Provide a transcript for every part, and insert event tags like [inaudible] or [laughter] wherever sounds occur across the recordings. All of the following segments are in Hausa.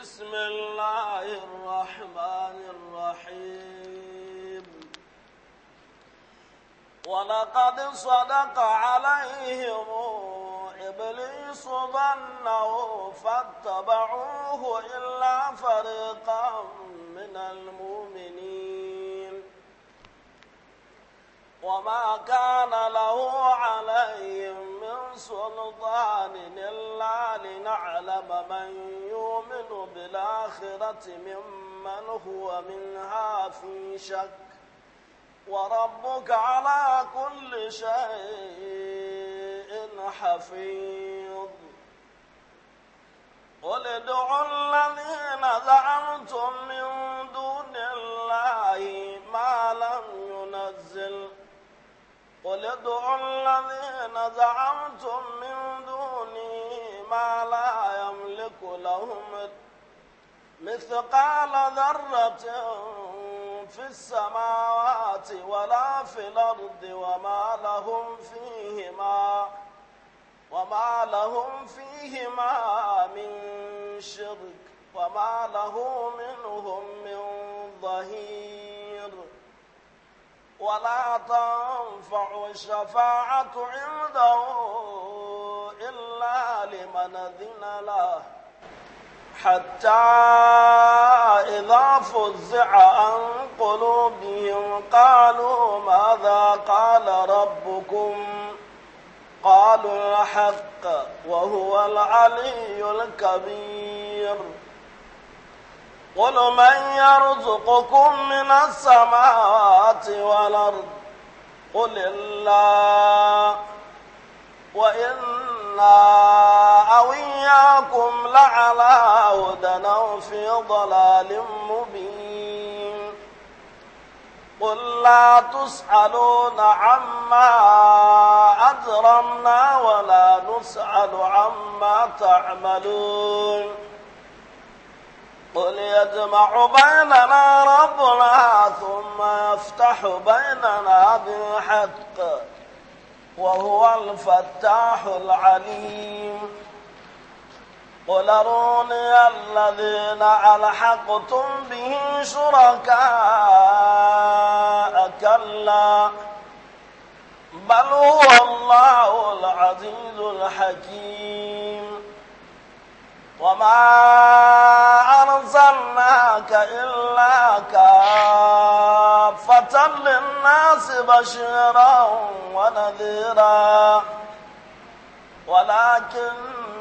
بسم الله الرحمن الرحيم ولقد صدق عليهم إبليس ظنه فاتبعوه إلا فريقا من المؤمنين وما كان له عليهم سلطان إلا لنعلم من يؤمن بالآخرة ممن هو منها في شك وربك على كل شيء حفيظ قل ادعوا الذين زعمتم من قل ادعوا الذين زعمتم من دوني ما لا يملك لهم مثقال ذرة في السماوات ولا في الأرض وما لهم فيهما وما لهم فيهما من شرك وما له منهم من ظهير ولا تنفع الشفاعة عنده إلا لمن أذن له حتى إذا فزع عن قلوبهم قالوا ماذا قال ربكم قالوا الحق وهو العلي الكبير قل من يرزقكم من السماوات والأرض قل الله وإنا أو إياكم لعلى هدى أو في ضلال مبين قل لا تسألون عما أجرمنا ولا نسأل عما تعملون قل يجمع بيننا ربنا ثم يفتح بيننا بالحق وهو الفتاح العليم قل اروني الذين ألحقتم به شركاء كلا بل هو الله العزيز الحكيم وما أرسلناك إلا كافة للناس بشيرا ونذيرا ولكن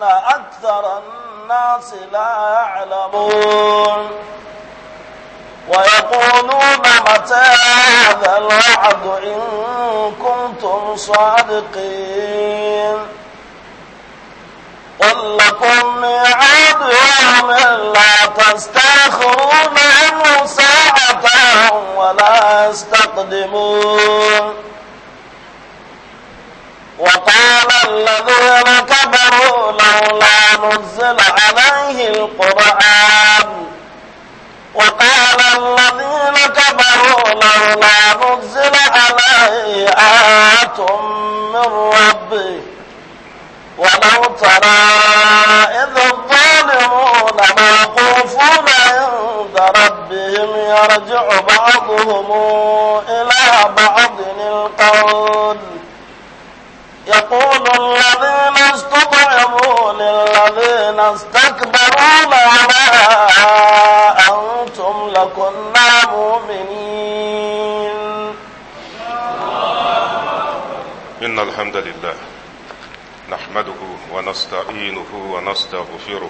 أكثر الناس لا يعلمون ويقولون متى هذا الوعد إن كنتم صادقين قل لكم ميعاد يوم الله تستخرون عنه ساعتهم ولا يستقدمون وقال الذين كبروا لولا نزل عليه القرآن وقال الذين كبروا لولا نزل عليه آيات من ربه ولو ترى يرجع بعضهم إلى بعض القول يقول الذين استطعموا للذين استكبروا لولا أنتم لكنا مؤمنين إن الحمد لله نحمده ونستعينه ونستغفره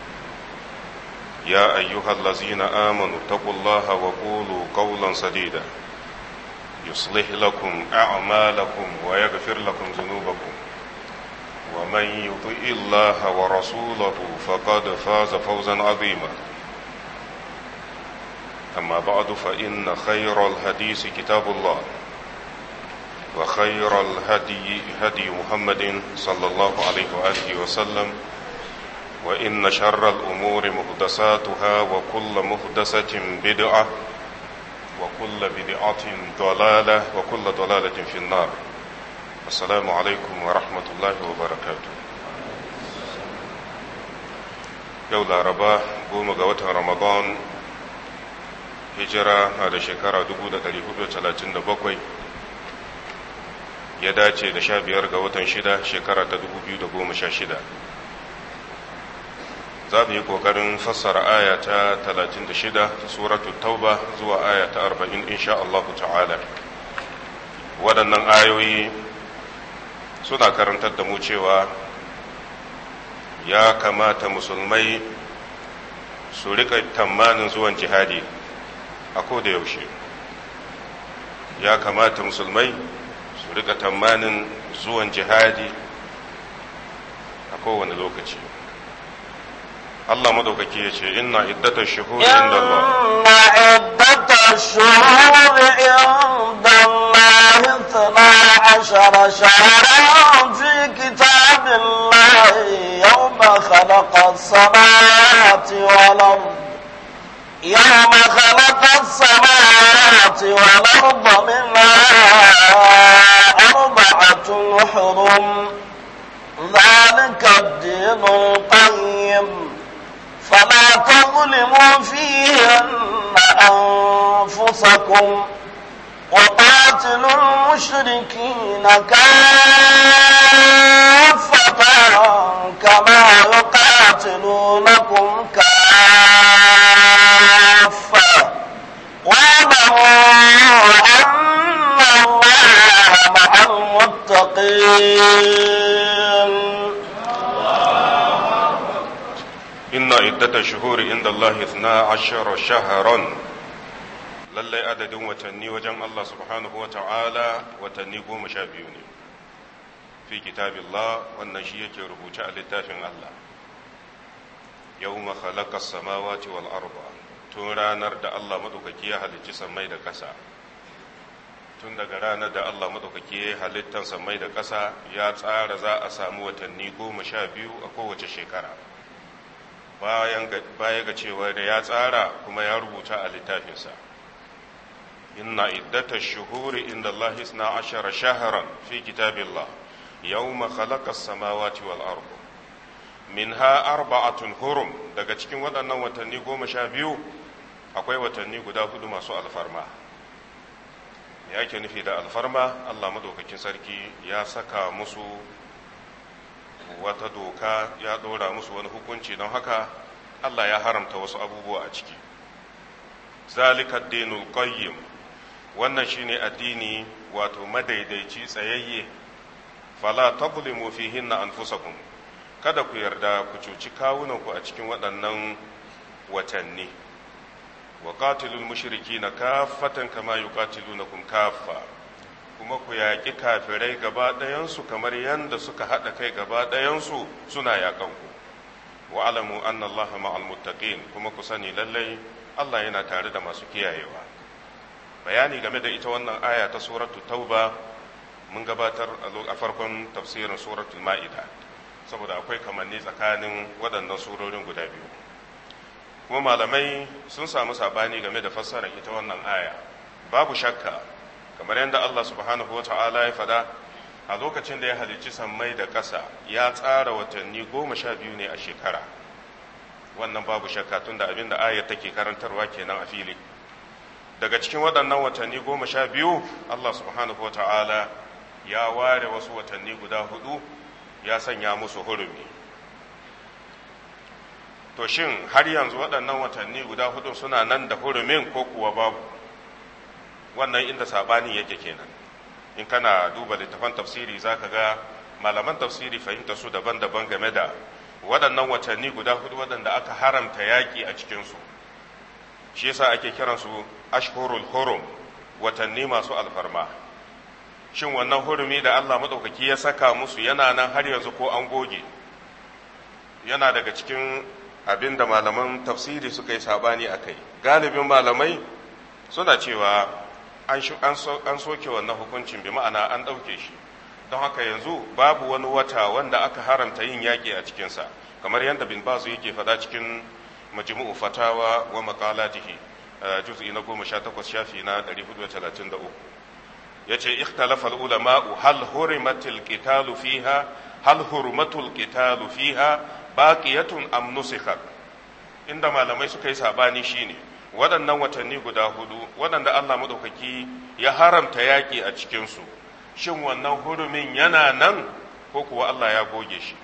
يا أيها الذين آمنوا اتقوا الله وقولوا قولا سديدا يصلح لكم أعمالكم ويغفر لكم ذنوبكم ومن يطئ الله ورسوله فقد فاز فوزا عظيما أما بعد فإن خير الحديث كتاب الله وخير الهدي هدي محمد صلى الله عليه وآله وسلم وآله وسلم وإن شر الأمور محدثاتها وكل محدثة بدعة وكل بدعة ضلالة وكل ضلالة في النار السلام عليكم ورحمة الله وبركاته yau laraba goma ga watan ramadan hijira na da shekara 437 ya dace da sha biyar ga watan shida shekara ta 2016 za mu yi ƙoƙarin fassara aya ta 36 ta suratul tauba zuwa aya ta 40 insha Allah ta'ala waɗannan ayoyi suna karantar da mu cewa ya kamata musulmai su riƙa tamanin zuwan jihadi a koda yaushe ya kamata musulmai su riƙa tamanin zuwan jihadi a kowane lokaci Allah madaukaki ya ce inna iddatash shuhuri inda Allah inna iddatash shuhuri inda Allah ithna ashara shahran fi kitabillah yawma khalaqa as-samawati wal ard يوم خلق السماوات والأرض منها أربعة حرم ذلك الدين القيم فما تظلموا فيهن أنفسكم وقاتلوا المشركين كافة كما يقاتلونكم كافة واعلموا أن الله مع المتقين inna iddata shuhuri inda Allah na ashara shaharan lallai adadin watanni wajen Allah subhanahu wa ta'ala watanni goma sha biyu ne fi kitabillah wannan shi yake rubuce a littafin Allah yau makhalaka samawa wal arba tun ranar da Allah maɗaukaki ya halicci sammai da ƙasa tun daga ranar da Allah maɗaukaki ya halittar sammai da ƙasa ya tsara za a samu watanni goma sha biyu a kowace shekara baya ga cewa da ya tsara kuma ya rubuta a littafinsa inna iddata shuhuri inda Allah isna ashara shaharan fi kitabillah yawma khalaqa samawati wal ardu minha arba'atun hurum daga cikin waɗannan watanni goma sha biyu akwai watanni guda hudu masu alfarma ya ke nufi da alfarma Allah madaukakin sarki ya saka musu wata doka ya ɗora musu wani hukunci don haka Allah ya haramta wasu abubuwa a ciki zalika dinul qayyim wannan shine addini wato madaidaici tsayayye fala tazlimu fihinna anfusakum kada ku yarda ku cuci kawunanku a cikin waɗannan watanni wa qatilul mushrikina kaffatan kama yuqatilunakum kaffa kuma ku yaƙi kafirai gaba ɗayansu kamar yadda suka haɗa kai gaba ɗayansu suna yaƙan ku. Wa'alamu anna allaha kuma ku sani lallai Allah yana tare da masu kiyayewa bayani game da ita wannan aya ta suratu tauba mun gabatar a farkon tafsirin suratu ma'ida saboda akwai kamanni tsakanin waɗannan surorin guda biyu kuma malamai sun samu sabani game da fassarar ita wannan aya babu shakka kamar yadda Allah subhanahu wa ta'ala ya faɗa a lokacin da ya halicci sammai da ƙasa ya tsara watanni goma sha biyu ne a shekara wannan babu shakka tun da abin da ayar take karantarwa kenan a fili daga cikin waɗannan watanni goma sha biyu Allah subhanahu wa ta'ala ya ware wasu watanni guda hudu ya sanya musu hurumi to shin har yanzu waɗannan watanni guda hudu suna nan da hurumin ko kuwa babu wannan inda sabanin yake kenan in kana duba littafan tafsiri ka ga malaman tafsiri fahimta su daban-daban game da waɗannan watanni guda hudu waɗanda aka haramta yaƙi a cikinsu shi yasa ake kiransu ashkurul hurum watanni masu alfarma shin wannan hurumi da Allah maɗaukaki ya saka musu yana nan har yanzu ko an goge yana daga cikin abin da malaman tafsiri suka yi sabani a kai galibin malamai suna cewa an soke wannan hukuncin bi ma'ana an ɗauke shi don haka yanzu babu wani wata wanda aka haramta yin yaƙi a cikinsa kamar yadda bin bazu yake faɗa cikin majmu'u fatawa wa maqalatihi eh, juz'i na goma sha takwas shafi na ɗari talatin da uku ya ce ikhtalafa ulama'u hal hurimatul qitalu fiha hal hurmatul qitalu fiha baqiyatun am nusikhat inda malamai suka yi sabani shine waɗannan watanni guda hudu waɗanda Allah maɗaukaki ya haramta yaƙi a cikinsu shin wannan hurumin yana nan ko kuwa Allah ya goge shi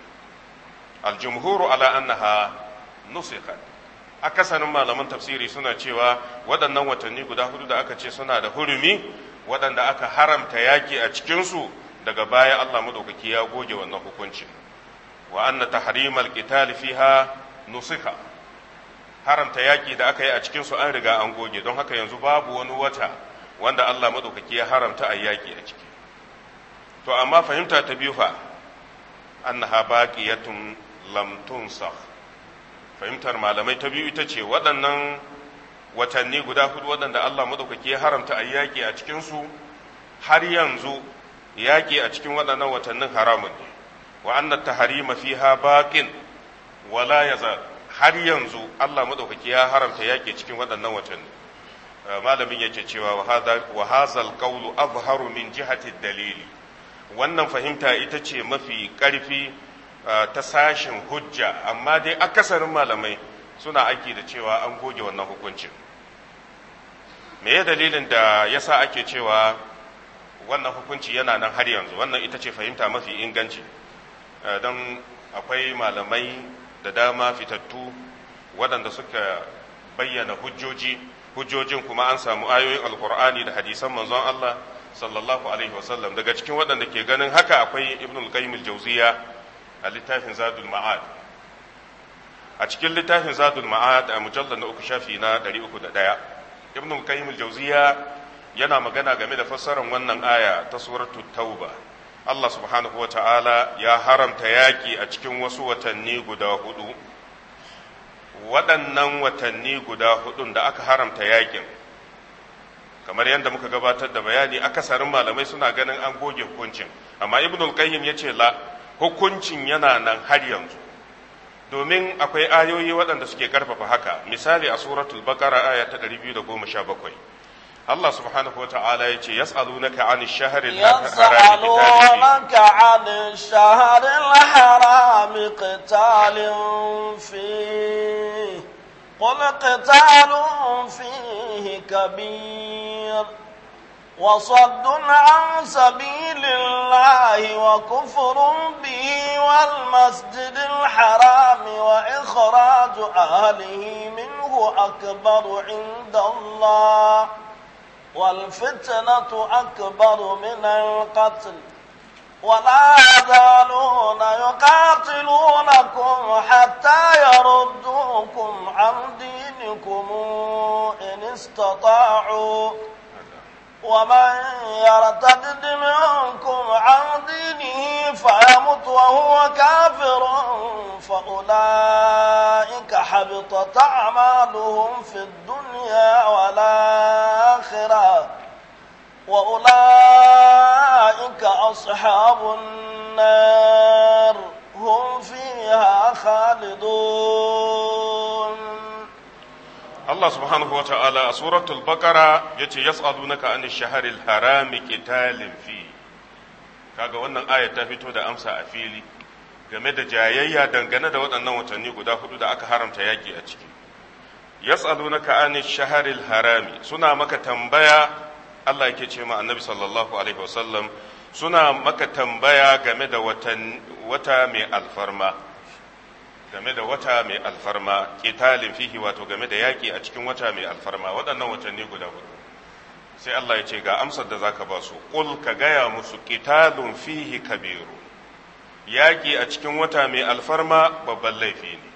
aljumhuru ala annaha akasarin malaman tafsiri suna cewa waɗannan watanni guda hudu da aka ce suna da hurumi waɗanda aka haramta yaƙi a cikinsu daga baya Allah maɗaukaki ya goge wannan hukunci wa anna tahrimal qital fiha nusikha haramta yaƙi da aka yi a cikinsu an riga an goge don haka yanzu babu wani wata wanda Allah maɗaukaki ya haramta a yaƙi a ciki to amma fahimta ta biyu fa annaha baqiyatun lam tunsakh fahimtar malamai ta biyu ita ce waɗannan watanni guda hudu waɗanda Allah maɗaukaki ya haramta a yaƙi a cikinsu har yanzu yaƙi a cikin waɗannan watannin haramun ne wa annat tahrima fiha baqin wala yazal har yanzu Allah madaukaki ya haramta yake cikin waɗannan watanni uh, malamin yake cewa wa hazal qawlu azharu min jihati dalili wannan fahimta ita ce mafi ƙarfi uh, ta sashin hujja amma dai akasarin malamai suna aiki da cewa an goge wannan hukuncin me ya dalilin da yasa ake cewa wannan hukunci yana nan har yanzu wannan ita ce fahimta mafi inganci uh, don akwai malamai da dama fitattu waɗanda suka bayyana hujjoji hujjojin kuma an samu ayoyin alkur'ani da hadisan manzon Allah sallallahu alaihi wasallam daga cikin waɗanda ke ganin haka akwai ibn al-qayyim al-jawziya a littafin zadul ma'ad a cikin littafin zadul ma'ad a mujallar na uku shafi na 301 ibn al-qayyim al-jawziya yana magana game da fassarar wannan aya ta suratul tauba Allah subhanahu wa ta'ala ya haramta yaƙi a cikin wasu watanni guda hudu waɗannan watanni guda hudun da aka haramta yaƙin kamar yadda muka gabatar da bayani akasarin malamai suna ganin an goge hukuncin amma Ibn qayyim ya ce la hukuncin yana nan har yanzu domin akwai ayoyi waɗanda suke ƙarfafa haka misali a suratul baqara aya ta 217 سبحانه وتعالى يسألونك عن الشهر الحرام يسألونك عن الشهر الحرام قتال فيه قل قتال فيه كبير وصد عن سبيل الله وكفر به والمسجد الحرام وإخراج أهله منه أكبر عند الله والفتنة أكبر من القتل ولا يزالون يقاتلونكم حتى يردوكم عن دينكم إن استطاعوا ومن يرتد منكم عن دينه فيمت وهو كافر فأولئك حبطت أعمالهم في الدنيا والآخرة وأولئك أصحاب النار هم فيها خالدون Allah subhanahu wa ta'ala a suratul baqara yace yas'alunaka an shaharil harami qitalin kaga wannan aya ta fito da amsa a fili game da jayayya dangane da waɗannan watanni guda hudu da aka haramta yaƙi a ciki yas'alunaka an shaharil harami suna maka tambaya Allah yake ce ma annabi sallallahu alaihi wasallam suna maka tambaya game da wata mai alfarma game da wata mai alfarma qitalin fihi wato game da yaki a cikin wata mai alfarma waɗannan watanni guda hudu sai Allah ya ce ga amsar da zaka ba su qul ka gaya musu qitalun fihi kabiru yaki a cikin wata mai alfarma babban laifi ne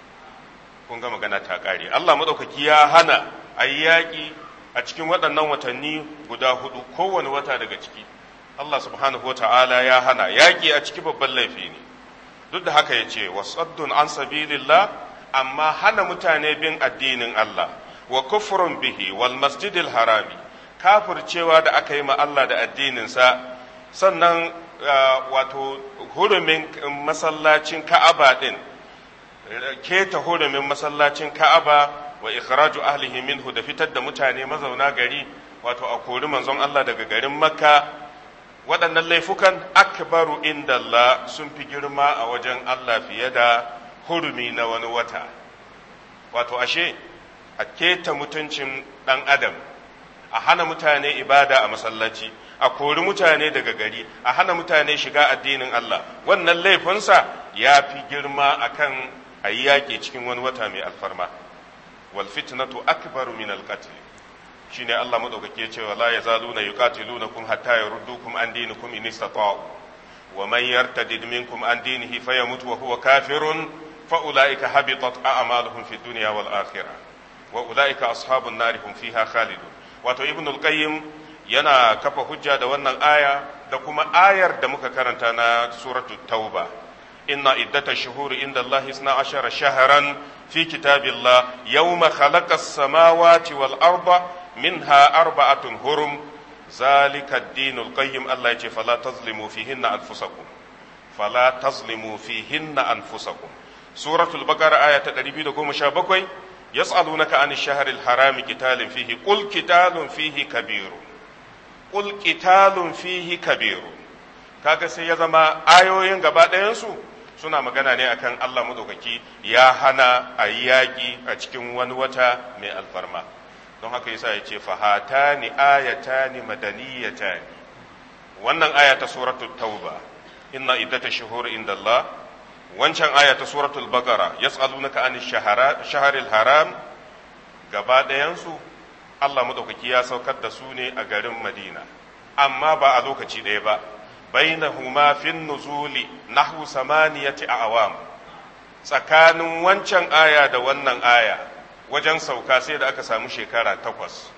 kun ga magana ta kare Allah maɗaukaki ya hana ayi yaki a cikin waɗannan watanni guda hudu kowane wata daga ciki Allah subhanahu wa ta'ala ya hana yaƙi a ciki babban laifi ne duk da haka ya ce wasaddun an sabilillah amma hana mutane bin addinin Allah wa kufrun bihi wal masjidil harami kafircewa da aka yi ma Allah da addininsa sannan ah, wato hurumin masallacin ka'aba din keta hurumin masallacin ka'aba wa ikhraju ahlihi minhu da fitar da mutane mazauna gari wato a kori manzon Allah daga garin makka waɗannan laifukan akbaru inda Allah sun fi girma a wajen Allah fiye da hurumi na wani wata wato ashe a keta mutuncin ɗan adam a hana mutane ibada a masallaci a kori mutane daga gari a hana mutane shiga addinin Allah wannan laifinsa ya fi girma akan a yi yaƙi cikin wani wata mai alfarma wal fitnatu akbaru min alqatl shine Allah madaukake ce wala yazaluna yuqatilunakum hatta yaruddukum an dinikum in istata'u wa man yartadid minkum an dinihi fayamut wa huwa kafirun fa ulaika habitat a'maluhum fid dunya wal akhirah wa ulaika ashabun nar hum fiha khalidun wato ibnul qayyim yana kafa hujja da wannan aya da kuma ayar da muka karanta na suratu tauba inna iddata shuhuri inda Allah isna ashara shaharan fi kitabillah yawma khalaqa as-samawati wal arda minha arba'atun hurum zalika ad-dinul qayyim Allah yace fala tazlimu fihinna anfusakum fala tazlimu fihinna anfusakum suratul baqara aya ta 217 yas'alunaka an ash-shahril harami qitalin fihi qul qitalun fihi kabiru qul qitalun fihi kabiru kaga sai ya zama ayoyin gaba ɗayan suna magana ne akan Allah madaukaki ya hana a yaƙi a cikin wani wata mai alfarma don haka yasa ya ce fahatani ayatani madaniyatani wannan aya ta suratul tauba inna iddata shuhur inda Allah wancan aya ta suratul baqara yas'alunaka an shaharil haram gaba dayansu. Allah madaukaki ya saukar da su ne a garin Madina amma ba a lokaci ɗaya ba bainahuma fin nuzuli nahwu samaniyati awam tsakanin wancan aya da wannan aya wajen sauka sai da aka samu shekara takwas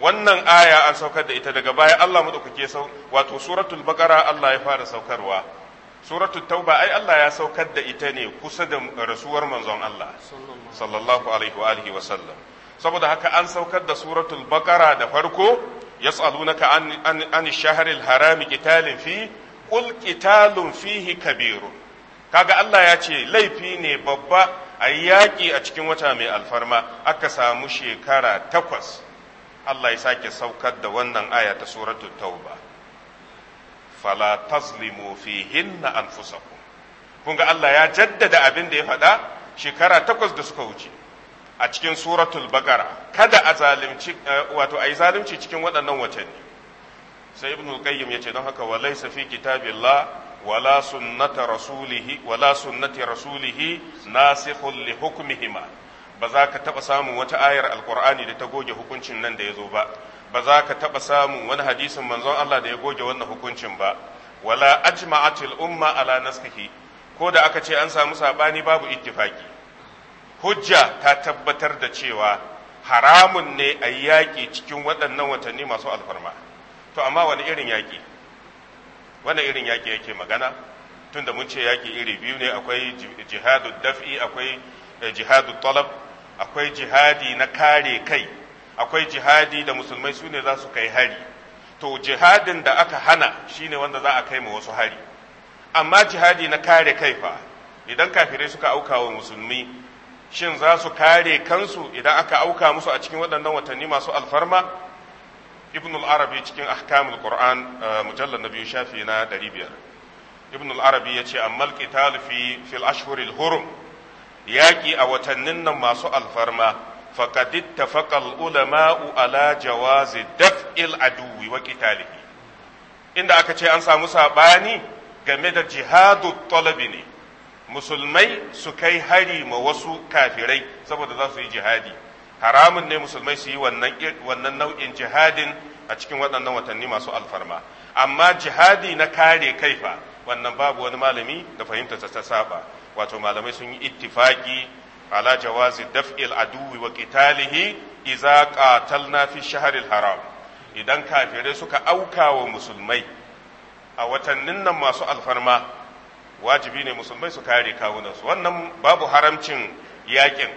wannan aya an saukar da ita daga baya Allah madaukake sau wato suratul baqara Allah ya fara saukarwa suratul tauba ai Allah ya saukar da ita ne kusa da rasuwar manzon Allah sallallahu alaihi wa alihi wa sallam saboda haka an saukar da suratul baqara da farko yas'alunaka an an, an shahril harami qitalin fi qul qitalun fihi kabirun kaga Allah ya ce laifi ne babba a yi yaƙi a cikin wata mai alfarma aka samu shekara takwas Allah ya sake saukar da wannan aya ta suratul tauba fala tazlimu fihinna anfusakum kun ga Allah ya jaddada abin da ya faɗa shekara takwas da suka wuce a cikin suratul bakara kada a zalimci eh, wato a yi zalunci cikin waɗannan watanni sai ibnul qayyim ya ce don haka wa laysa fi kitabillah wala sunnata rasulihi sunnati rasulihi nasikhun li hukmihima ba za ka taba samun wata ayar alqur'ani da ta goge hukuncin nan da yazo ba ba za ka taɓa samun wani hadisin manzon Allah da ya goge wannan hukuncin ba wala ajma'atil umma ala naskihi ko da aka ce an samu saɓani babu ittifaki hujja ta tabbatar da cewa haramun ne a yaƙi cikin waɗannan watanni masu alfarma to amma wani irin yaƙi wani irin yaƙi yake magana tunda mun ce yaƙi iri biyu ne akwai jihadu daf'i akwai eh, jihadu talab akwai jihadi na kare kai akwai jihadi da musulmai su ne za su kai hari to jihadin da aka hana shine wanda za a kai ma wasu hari amma jihadi na kare kai fa idan kafirai suka auka wa musulmi shin za su kare kansu idan aka auka musu a cikin waɗannan watanni masu alfarma ibn al-arabi cikin ahkamul qur'an eh, mujallar na biyu shafi na 500 ibn al-arabi ya ce amma al fi fil ashhuril hurum yaƙi a watannin nan masu alfarma faqad ittafaqa al-ulama'u ala jawazi daf'il aduwi wa qitalihi inda aka ce an samu sabani game da jihadu talabi ne musulmai su kai hari ma wasu kafirai saboda za su yi jihadi haramun ne musulmai su yi wannan nau'in jihadin a cikin waɗannan watanni masu alfarma amma jihadi na kare kai fa wannan babu wani malami da fahimta ta saba wato malamai sun yi ittifaki ala jawazi daf'il aduwi wa qitalihi idza qatalna fi shahril haram idan kafirai suka auka wa musulmai a watannin nan masu alfarma wajibi ne musulmai su kare kawunansu wannan babu haramcin yakin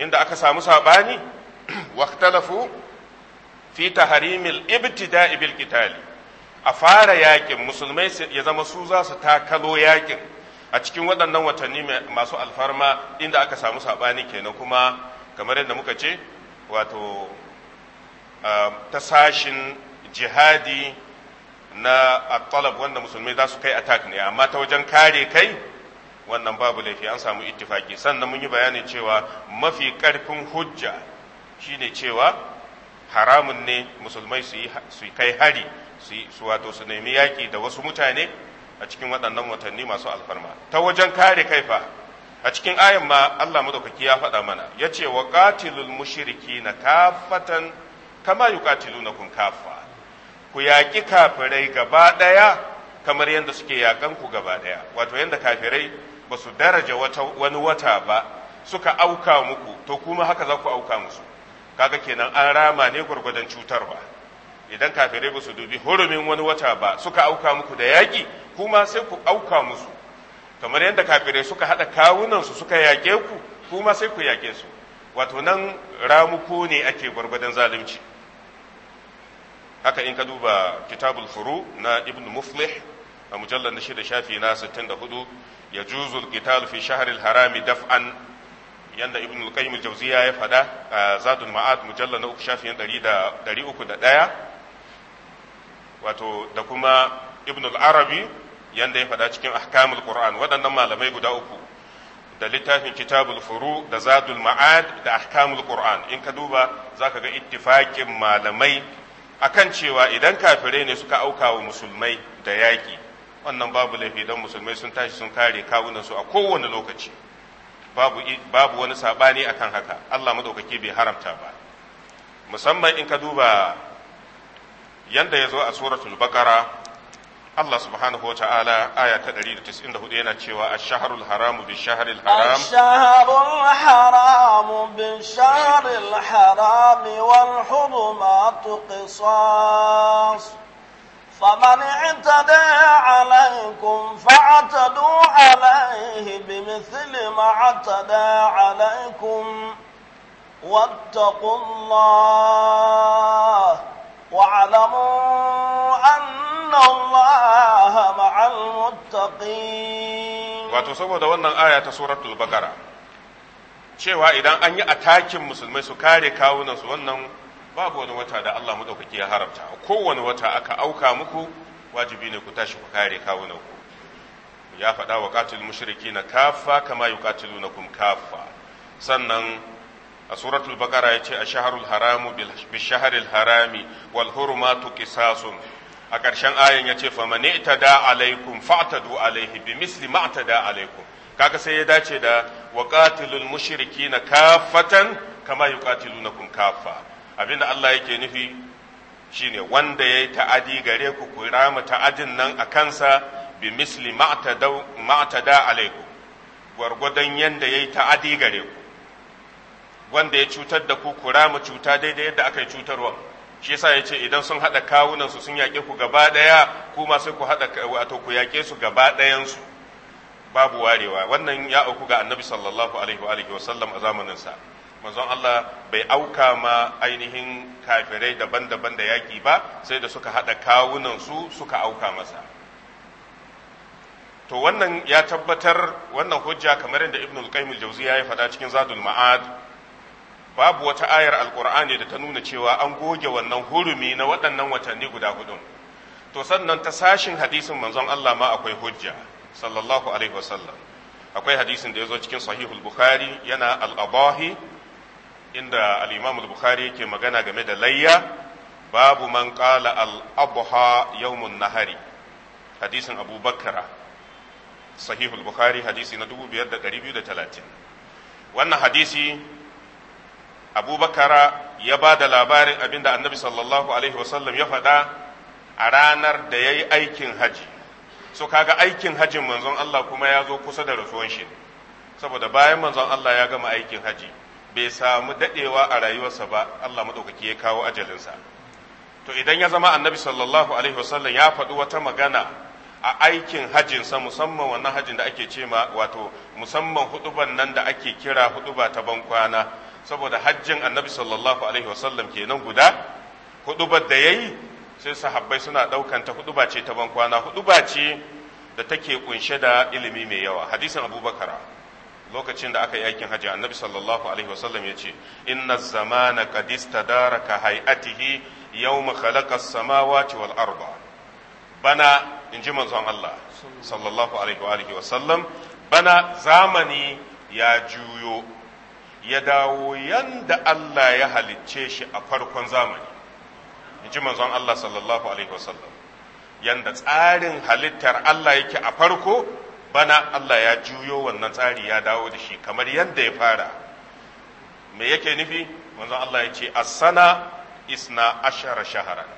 inda aka samu saɓani [clears throat] waktalafu fi taharimil ibtida'i Ibil, qitali a fara yakin musulmai ya zama su za su takalo yakin a cikin waɗannan watanni masu alfarma inda aka samu saɓani kenan kuma kamar yadda muka ce wato ta sashin jihadi na at wanda musulmai za su kai attack ne amma ta wajen kare kai wannan babu laifi an samu ittifaki sannan mun yi bayanin cewa mafi karfin hujja shine cewa haramun ne musulmai su kai hari su wato su nemi yaƙi da wasu mutane a cikin waɗannan watanni masu alfarma ta wajen kare kaifa a cikin ayan ma Allah madaukaki ya faɗa mana ya ce wa qatilul na kafatan kama kun kafa ku yaƙi kafirai gaba ɗaya kamar yadda suke yaƙan ku gaba ɗaya wato yadda kafirai ba su daraja wani wata ba suka auka muku to kuma haka za ku auka musu kaga kenan an rama ne cutar cutarwa idan kafirai ba su dubi hurumin wani wata ba suka auka muku da yaƙi kuma sai ku auka musu kamar yadda kafirai suka haɗa kawunansu suka yaƙe ku kuma sai ku yaƙe su wato nan ramuko ne ake gwargwadon zalunci haka in ka duba kitabul furu na ibn muflih a mujallar na shida shafi na 64 ya juzul qital fi shahril harami daf'an yanda ibn al-qayyim al-jawziya ya a zadul ma'ad mujallar na uku shafi 301 wato da kuma Ibnul arabi yanda ya fada cikin ahkamul qur'an waɗannan malamai guda uku da littafin kitabul furu da zadul ma'ad da ahkamul qur'an in ka duba zaka ga ittifaqin malamai akan cewa idan kafirai ne suka auka wa musulmai da yaƙi wannan babu laifi don musulmai sun tashi sun kare kawunansu a kowane lokaci babu babu wani sabani akan haka Allah madaukaki bai haramta ba musamman in ka duba yanda ya zo a suratul bakara Allah subhanahu wa ta'ala aya ta 194 yana cewa a shahrul haramu bi shahril haram ash-shahrul haramu bi shahril haram wal hurumatu qisas فمن اعتدى عليكم فاعتدوا عليه بمثل ما اعتدى عليكم واتقوا الله واعلموا أن الله مع المتقين wato saboda wannan aya ta suratul bakara cewa idan an yi atakin musulmai su kare kawunansu wannan babu wani wata da Allah madaukaki ya haramta kowane wata aka auka muku wajibi ne ku tashi ku kare ku. ya faɗa wa qatil na kafa kama yuqatilunakum kaffa sannan a suratul baqara yace ash-shahrul haramu bil harami wal hurumatu qisasun a ƙarshen ayan yace faman itada alaikum fa'tadu alaihi misli ma da alaikum kaga sai ya dace da wa qatilul mushrikina kaffatan kama yuqatilunakum kafa. abinda Allah yake nufi shine wanda ya yi ta'adi gare ku ku rama ta'adin nan a kansa bi misli da alaiku gwargwadon yadda ya yi ta'adi gare ku wanda ya cutar da ku ku rama cuta daidai yadda aka yi cutarwa shi yasa ya ce idan sun haɗa kawunansu sun yaƙe ku gaba ɗaya ku ma sai ku haɗa wato ku yaƙe su gaba ɗayansu babu warewa wannan ya auku ga annabi sallallahu alaihi wa sallam a zamaninsa manzon Allah bai auka ma ainihin kafirai daban-daban da yaƙi ba sai da suka haɗa kawunan su suka auka masa to wannan ya tabbatar wannan hujja kamar yadda ibn al-qayyim ya yi faɗa cikin zadul ma'ad babu wata ayar alkur'ani da ta nuna cewa an goge wannan hurumi na waɗannan watanni guda hudun to sannan ta sashin hadisin manzon Allah ma akwai hujja sallallahu alaihi wasallam akwai hadisin da ya zo cikin sahihul bukhari yana al-abahi inda al al-Bukhari yake magana game da layya babu man qala al yawmun nahari hadisin Abu sahih al-Bukhari hadisi na 2230 wannan hadisi Abubakar ya ba da labarin abinda Annabi sallallahu alaihi wasallam ya faɗa a ranar da yayi aikin haji so kaga aikin hajin manzon Allah kuma ya zo kusa da rasuwan shi saboda bayan manzon Allah ya gama aikin haji bai samu dadewa a rayuwarsa ba Allah madaukaki ya kawo ajalinsa to idan ya zama annabi sallallahu alaihi wasallam ya faɗi wata magana a aikin hajjinsa musamman wannan hajjin da ake cema wato musamman huduban nan da ake kira huduba ta bankwana saboda hajjin annabi sallallahu alaihi wasallam kenan guda hudubar da yayi sai sahabbai suna daukan ta huduba ce ta bankwana huduba ce da take kunshe da ilimi mai yawa hadisin abubakar lokacin da aka yi aikin hajji annabi sallallahu alaihi wasallam ya ce inna zamana qad ka hay'atihi yau khalaqa as-samawati wal arda bana in inji manzon Allah sallallahu alaihi wa alihi wasallam bana zamani ya juyo ya dawo yanda Allah ya halicce shi a farkon zamani In inji manzon Allah sallallahu alaihi wasallam yanda tsarin halittar Allah yake a farko bana Allah ya juyo wannan tsari ya dawo da shi kamar yadda ya fara me yake nufi manzon Allah ya ce asana isna ashara shaharan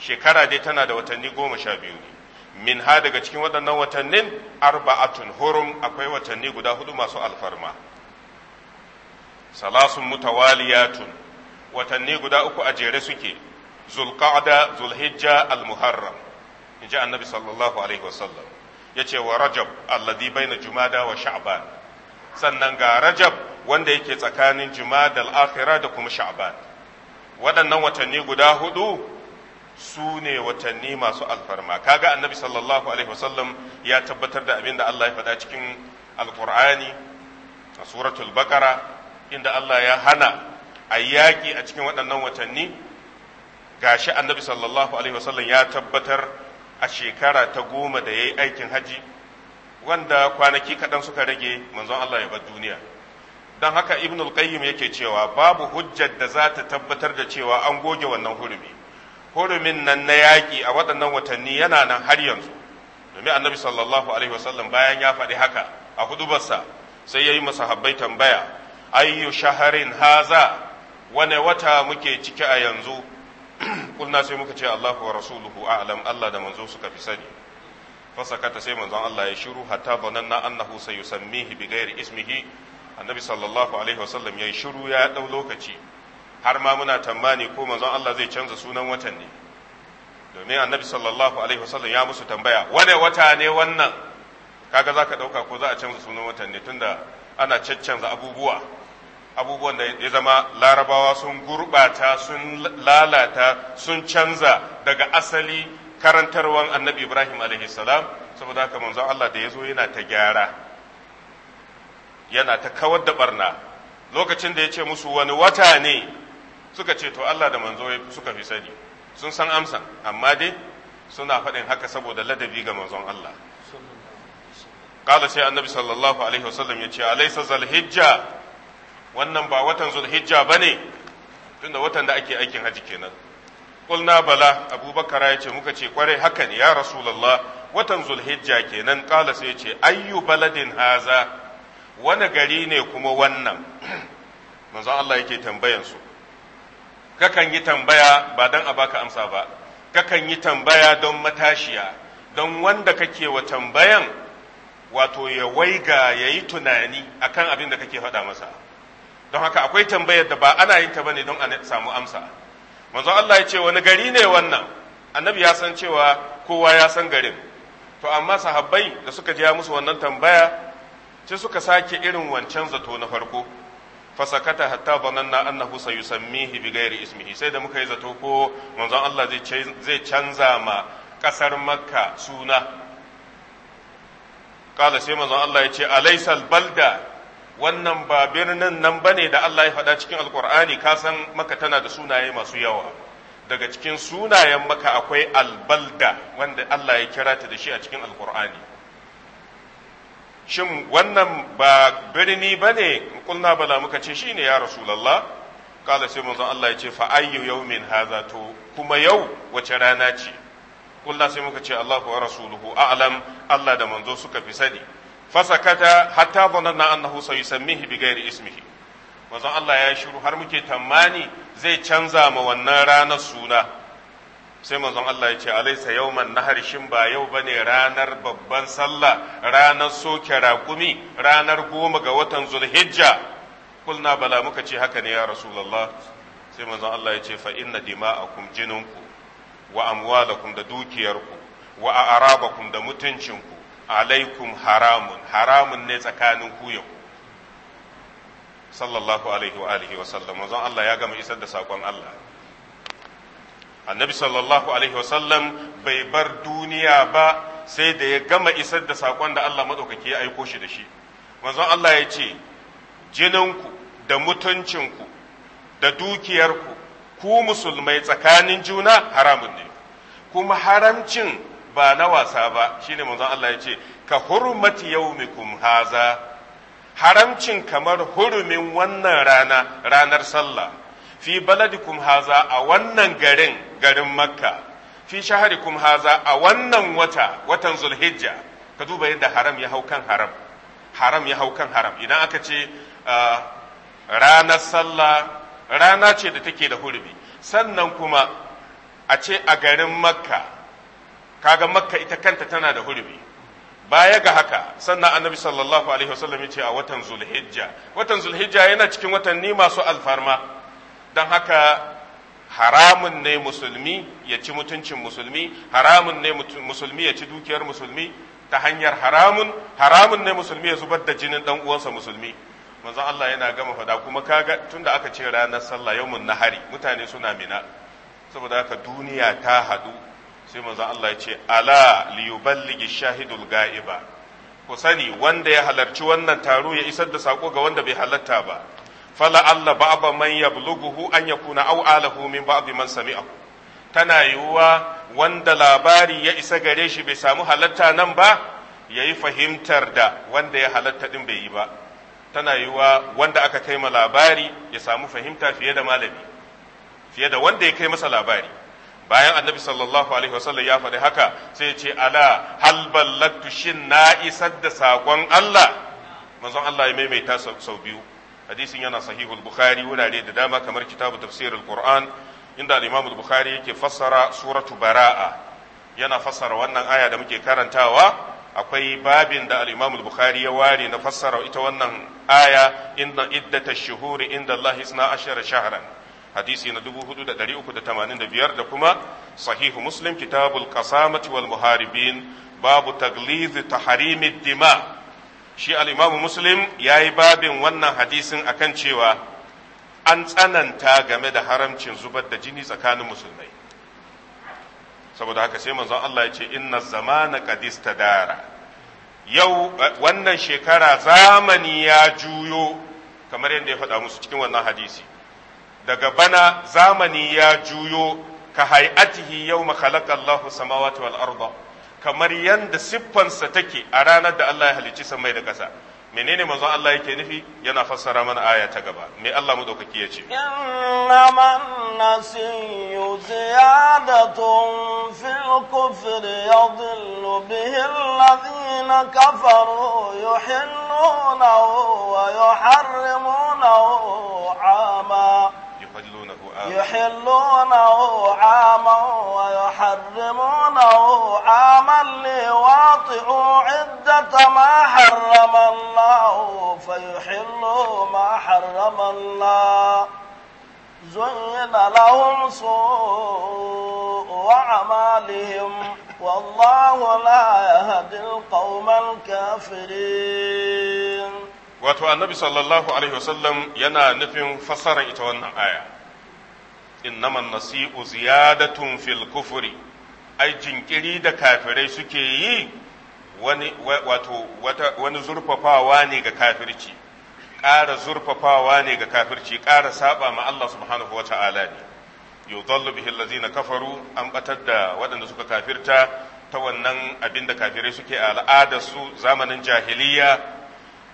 shekara dai tana da watanni goma sha biyu ne min ha daga cikin waɗannan watannin arba'atun hurum akwai watanni guda hudu masu alfarma salasun mutawaliyatun watanni guda uku a jere suke zulqa'da zulhijja al-muharram inji annabi sallallahu alaihi wasallam yace wa rajab alladhi baina jumada wa sha'ban sannan ga rajab wanda yake tsakanin jumada al-akhirah da kuma sha'ban waɗannan watanni guda hudu su ne watanni masu alfarma kaga annabi sallallahu alaihi wasallam ya tabbatar da abin da Allah ya faɗa cikin alkur'ani a suratul bakara inda Allah ya hana a yaƙi a cikin waɗannan watanni gashi annabi sallallahu alaihi wasallam ya tabbatar a shekara ta goma da ya yi aikin haji wanda kwanaki kaɗan suka rage manzon Allah ya bar duniya don haka ibn al-qayyim yake cewa babu hujjar da za ta tabbatar da cewa an goge wannan hurumi hurumin nan na yaƙi a waɗannan watanni yana nan har yanzu domin annabi sallallahu alaihi wasallam bayan ya faɗi haka a hudubarsa sai ya yi masahabbai tambaya ayyu shaharin haza wane wata muke ciki a yanzu kulna sai muka ce Allahu wa rasuluhu a'lam Allah da manzo suka fi sani fasakata sai manzon Allah ya shiru hatta bananna annahu sayusammihi bi ghairi ismihi annabi sallallahu alaihi wasallam ya shiru ya dau lokaci har ma muna tambani ko manzon Allah zai canza sunan watan ne domin annabi sallallahu alaihi wasallam ya musu tambaya wane wata ne wannan kaga zaka dauka ko za a canza sunan watan ne tunda ana caccanza abubuwa abubuwan da ya zama larabawa sun gurbata sun lalata sun canza daga asali karantarwan annabi ibrahim alaihissalam saboda haka manzon allah da ya zo yana ta gyara yana ta kawar da barna lokacin da ya ce musu wani wata ne suka ce to allah da manzo suka fi sani sun san amsa amma dai suna faɗin haka saboda ladabi ga manzon allah قال sai النبي صلى الله عليه وسلم يتي أليس ذا الحجة wannan ba watan zulhijja ba ne tunda watan da ake aikin haji kenan ƙulna bala abubakar ya ce muka ce kwarai haka ne ya rasulallah watan zulhijja kenan ƙala sai ce ayyu baladin haza wani gari ne kuma wannan [clears throat] manzon Allah yake tambayan su kakan yi tambaya ba don a baka amsa ba kakan yi tambaya don matashiya don wanda kake wa tambayan wato ya waiga ya yi tunani akan abin da kake faɗa masa don haka akwai tambayar da ba ana yin ta bane don a samu amsa manzo Allah ya ce wani gari ne wannan annabi ya san cewa kowa ya san garin to amma sahabbai da suka je musu wannan tambaya sai suka sake irin wancan zato na farko fasakata hatta bananna annahu sayusammihi bighairi ismihi sai da muka yi zato ko manzo Allah zai zai canza ma kasar makka suna kala sai manzon Allah ya ce alaysal balda wannan ba birnin nan ba ne da Allah ya faɗa cikin alkur'ani ka san maka tana da sunaye masu yawa daga cikin sunayen maka akwai albalda wanda Allah ya kira ta da shi a cikin alkur'ani shin wannan ba birni ba ne kulna bala muka ce shi ne ya rasulallah kala sai manzon Allah ya ce fa ayyu yawmin haza to kuma yau wace rana ce kulna sai muka ce Allahu wa rasuluhu a'lam Allah da manzo suka fi sani fasakata hatta dhananna annahu sayusammihi bighairi ismihi manzon Allah ya shiru har muke tamani zai canza ma wannan ranar suna sai manzon Allah ya ce yau man nahar shin ba yau bane ranar babban sallah ranar soke raƙumi ranar goma ga watan zulhijja kulna bala muka ce haka ne ya rasulullah sai manzon Allah ya ce fa inna dima'akum jininku wa amwalakum da dukiyarku wa a'rabakum da mutuncinku alaikum haramun haramun ne tsakanin ku yau sallallahu alaihi wa alihi wa sallam manzon Allah ya gama isar da sakon Allah annabi sallallahu alaihi wa sallam bai bar duniya ba sai da ya gama isar da sakon da Allah madaukake ya aiko shi da shi manzon Allah ya ce jininku da mutuncinku da dukiyarku ku musulmai tsakanin juna haramun ne kuma haramcin ba na wasa ba shine manzon Allah ya ce ka hurmati yaumikum haza haramcin kamar hurumin wannan rana ranar sallah fi baladikum haza a wannan garin garin makka fi shaharikum haza a wannan wata watan zulhijja ka duba yadda haram ya hau kan haram haram ya hau kan haram idan aka ce ah, ranar sallah rana ce da take da hurumi sannan kuma a ce a garin makka kaga makka ita kanta tana da hurumi baya ga haka sannan annabi sallallahu alaihi wasallam ce a watan zulhijja watan zulhijja yana cikin watanni masu alfarma don haka haramun ne musulmi ya ci mutuncin musulmi haramun ne musulmi ya ci dukiyar musulmi ta hanyar haramun haramun ne musulmi ya zubar da jinin dan uwansa musulmi manzon Allah yana gama fada kuma kaga tunda aka ce ranar sallah yawmun nahari mutane suna mina saboda haka duniya ta hadu sai manzon Allah ya ce ala liyuballigi shahidul ga'iba ku sani wanda ya halarci wannan taro ya isar da sako ga wanda bai halarta ba fala Allah ba'aba man yablughu an yakuna aw alahu min ba'd man sami'ahu tana yiwuwa wanda labari ya isa gare shi bai samu halarta nan ba ya yi fahimtar da wanda ya halarta din bai yi ba tana yiwuwa wanda aka kai ma labari ya samu fahimta fiye da malami fiye da wanda ya kai masa labari bayan annabi sallallahu alaihi wasallam ya faɗi haka sai ya ce ala hal ballagtu shin na isar da saƙon Allah manzon Allah ya maimaita sau biyu hadisin yana sahihul bukhari wurare da dama kamar kitabu tafsirul qur'an inda al-imam al-bukhari yake fassara suratu bara'a yana fassara wannan aya da muke karantawa akwai babin da al-imam al-bukhari ya ware na fassara ita wannan aya inda iddatash shuhuri inda Allah 12 shahran hadisi na 4385 da kuma sahihu muslim kitabul qasamati wal muharibin babu taglizi taharimi dima shi al-imamu muslim yayi babin wannan hadisin akan cewa an tsananta game da haramcin zubar da jini tsakanin musulmai saboda haka sai manzon Allah ya ce inna zamana qad istadara yau wannan shekara zamani ya juyo kamar yadda ya faɗa musu cikin wannan hadisi daga bana zamani ya juyo ka hai'atihi yau khalaqa Allahu samawati wal arda kamar yanda siffansa take a ranar da Allah ya halicci samai da ƙasa menene manzo Allah yake nufi yana fassara mana aya ta gaba me Allah madaukaki ya ce inna man nasiyu ziyadatun fil kufr yadhillu bihi alladhina kafaru yuhillunahu wa yuharrimunahu ama يحلونه عاما يحلونه عاما ويحرمونه عاما ليواطئوا عدة ما حرم الله فيحلوا ما حرم الله زين لهم سوء أعمالهم والله لا يهدي القوم الكافرين wato annabi sallallahu alaihi wasallam yana nufin fassarar ita wannan aya innaman nasi'u ziyadatun fil kufuri ai jinkiri da kafirai suke yi wani wato wani zurfafawa ne ga kafirci ƙara zurfafawa ne ga kafirci ƙara saba ma Allah subhanahu wa ta'ala ne yudallu bihi allazina kafaru an da waɗanda suka kafirta ta wannan abin da kafirai suke al'adarsu zamanin jahiliya